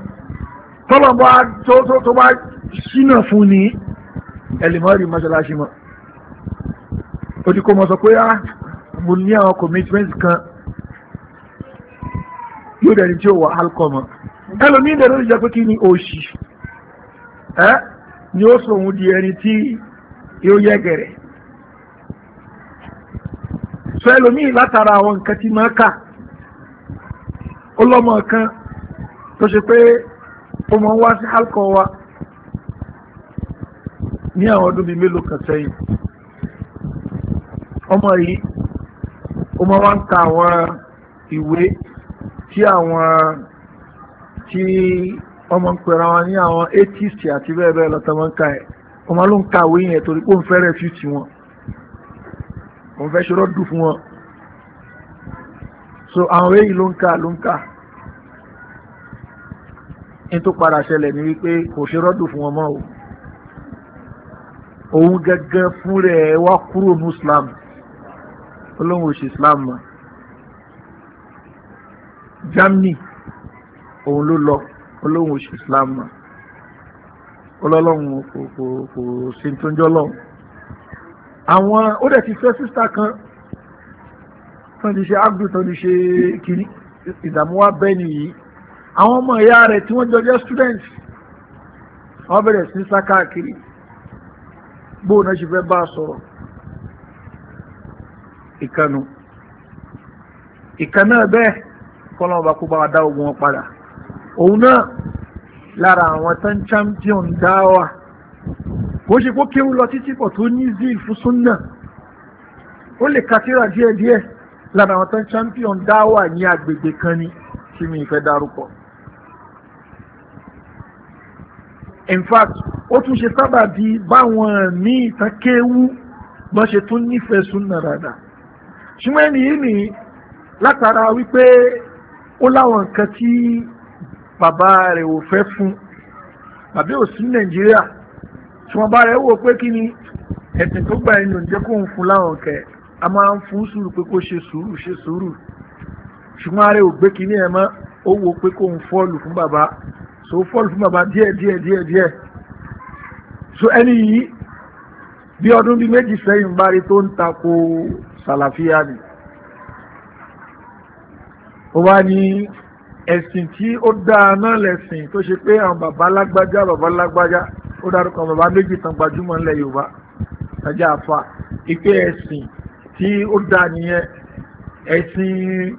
tọ́lọ̀ bá tó bá sínà fún funi ẹlẹ́mọ́rì mọ́ṣáláṣí mọ́ ó ti kó mọ́ sọ pé á ah, mo ní àwọn commitment kan yóò dẹni tí ó wà alcohol mọ́ ẹlòmíì dẹ̀ ló pé kí ni òṣì ẹ ni ó sọ òun di ẹni tí yóò yẹ gẹ̀rẹ̀ sọ látara àwọn ọlọ́mọ kan tó ṣe pé ó mọ̀ ń wá sí halkọ wa ní àwọn ọdún bíi mélòó kan sẹ́yìn ọmọ yìí ó mọ̀ wá ń ta àwọn ìwé tí àwọn tí ọmọ ń pera wọn ní àwọn atheist àti bẹ́ẹ̀ bẹ́ẹ̀ lọ́tọ́mọ́ ń ka ẹ̀ ọmọ ló ń kàwé yẹn torí pé ó ń fẹ́rẹ̀ fíìtì wọn òun fẹ́ ṣe rọ́dù fún wọn so àwọn èyí ló ń ká ló ń ká ní tó padà ṣẹlẹ̀ ní wípé kò ṣe rọ́dù fún wọn mọ́ o òun gẹ́gẹ́ fún rẹ̀ wá kúrò ní islam olóhùn òṣì islam mọ́ germany òun ló lọ olóhùn òṣì islam mọ́ olólọ́hùn kò sí tó ń jọ́ lọ́hùn àwọn ó dẹ̀ ti fẹ́ sísá kan tán ti ṣe agbo tán ti ṣe kiri ìdààmú wa bẹ́ẹ̀ nìyí àwọn ọmọ ìyá rẹ̀ tí wọ́n jọ jẹ́ student wọ́n bẹ̀rẹ̀ sí sá káàkiri bóun náà ṣe fẹ́ bá a sọ̀rọ̀ ìkànnù ìkànnà bẹ́ẹ̀ kọ́lọ́n bá kó bá wa dá ogun wọn padà òun náà lára àwọn tán champion dá wa kò ṣe kó kéwú lọ títí pọ̀ tó ní zeal fún súnà ó lè ka tírà díẹ̀díẹ̀ lára àwọn tán champion dáwà ní agbègbè kan ni tí mi fẹ́ dárúkọ. in fact ó tún ṣe sábà di báwọn míì tán kéwú bọ́n ṣe tún nífẹ̀ẹ́ súnà rárá ṣùgbọ́n ẹni yìí ni látara wípé ó láwọn nǹkan tí bàbá rẹ̀ ò fẹ́ fún bàbá ò sí nàìjíríà tí wọ́n bá rẹ̀ wò pé kí ni ẹ̀sìn tó gbà ẹnu ò jẹ́ kóun fún láwọn kẹ̀ẹ́ a máa ń fún sùúrù pé kó ṣe sùúrù ṣe sùúrù ṣùgbọ́n ààrẹ ò gbé kínní ẹ̀ mọ́ ó wo pé kó ń fọ́ọ̀lù fún bàbá so fọ́ọ̀lù fún bàbá díẹ̀ díẹ̀ díẹ̀ díẹ̀ so ẹni yìí bí ọdún bíi méjì sẹ́yìn bá rí tó ń tako sàlàfíà ni ó wá ní ẹ̀sìn tí ó dáa náà lẹ̀sìn tó ṣe pé àwọn bàbá lágbájá bàbá lágbájá ó dárúkọ bàbá méjì tán gbajúmọ̀ ńlẹ̀ Yorùbá ẹjẹ́ àfa ìpè ẹ̀sìn tí ó dá nìyẹn ẹ̀sìn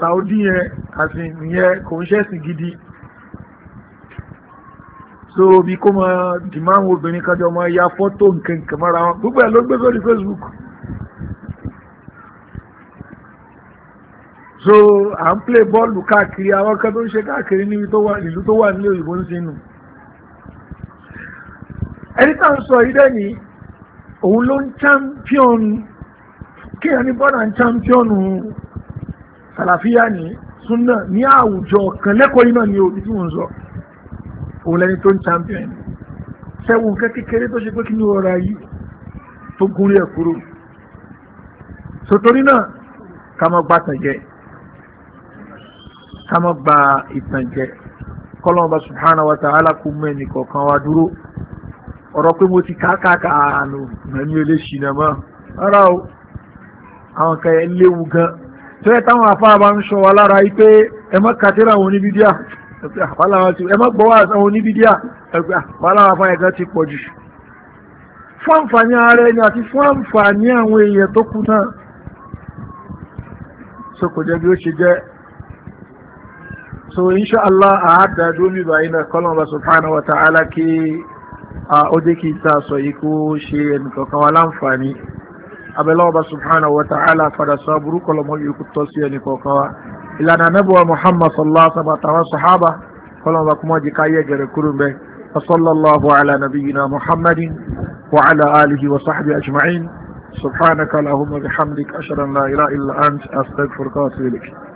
Saudi yẹn àti ìyẹn kò ń ṣẹ̀sìn gidi so bí kó mọ dìmáwọn obìnrin kan jọ mọ ya fọ́tò nǹkan nǹkan mọ́ra wọn gbogbo ẹ̀ ló gbé sórí Facebook so à ń play bọ́ọ̀lù káàkiri àwọn kan tó ń ṣe káàkiri níbi tó wà ìlú tó wà nílé òyìnbó ń sinú ẹni tá à ń sọ yìí dẹ́ni òun ló ń champion kéèyàn ní bọ́dà ń championu sàlàfíà ní súnà ní àwùjọ kan lẹ́kọ̀ọ́ yìí náà ní òbí tí wọ́n sọ òun lẹni tó ń champion sẹ́wọ̀n nǹkan kékeré tó ṣe pé kí ni ọ̀rọ̀ yìí tó gúnrí ẹ̀ kúrò sotori náà ká má gba tànjẹ ká má gba ìtànjẹ kọ́lọ́mọba subhanahu wa ta'ala kú mú ẹnì kọ̀ọ̀kan wa dúró ọ̀rọ̀ pé mo ti káàkàkà àánú mẹ́mí eléṣìí náà mọ́ rárá o àwọn kan yẹn léwu gan tó yẹ táwọn afá bá ń sọ wa lára yìí pé ẹ má kàtẹ́rà àwọn oníbídíà ẹ ah, má gbọ́wọ́ àwọn oníbídíà ah, wàhálà àwọn afá gan ti pọ̀ jù fún àǹfààní ara ẹni àti fún àǹfààní àwọn èèyàn tó kù náà so kò jẹ́ bí ó ṣe jẹ́ so insha Allah àádá dómi báyìí náà kọ́lọ́n bá subhanahu wa ta'ala kí ó jẹ́ kí n ta sọ yìí kó ṣe ẹnìkọ̀ọ̀kan wa láǹfààní abẹ́lọ́ọ̀bá subhanahu wa ta'ala padà sọ burúkọ lọ́mọ yìí kò tọ́ sí ẹnì kọ̀ọ̀kan wa ìlànà anábọ̀wá muhammad sallallahu alaihi wa sallam àtàwọn sahaba kọ́lọ́mọba kúmọ́ jì ká yẹ gẹ̀rẹ̀ kúrò mbẹ́ وصلى الله على نبينا محمد وعلى آله وصحبه أجمعين سبحانك اللهم بحمدك أشهد أن لا إله إلا أنت أستغفرك وأتوب إليك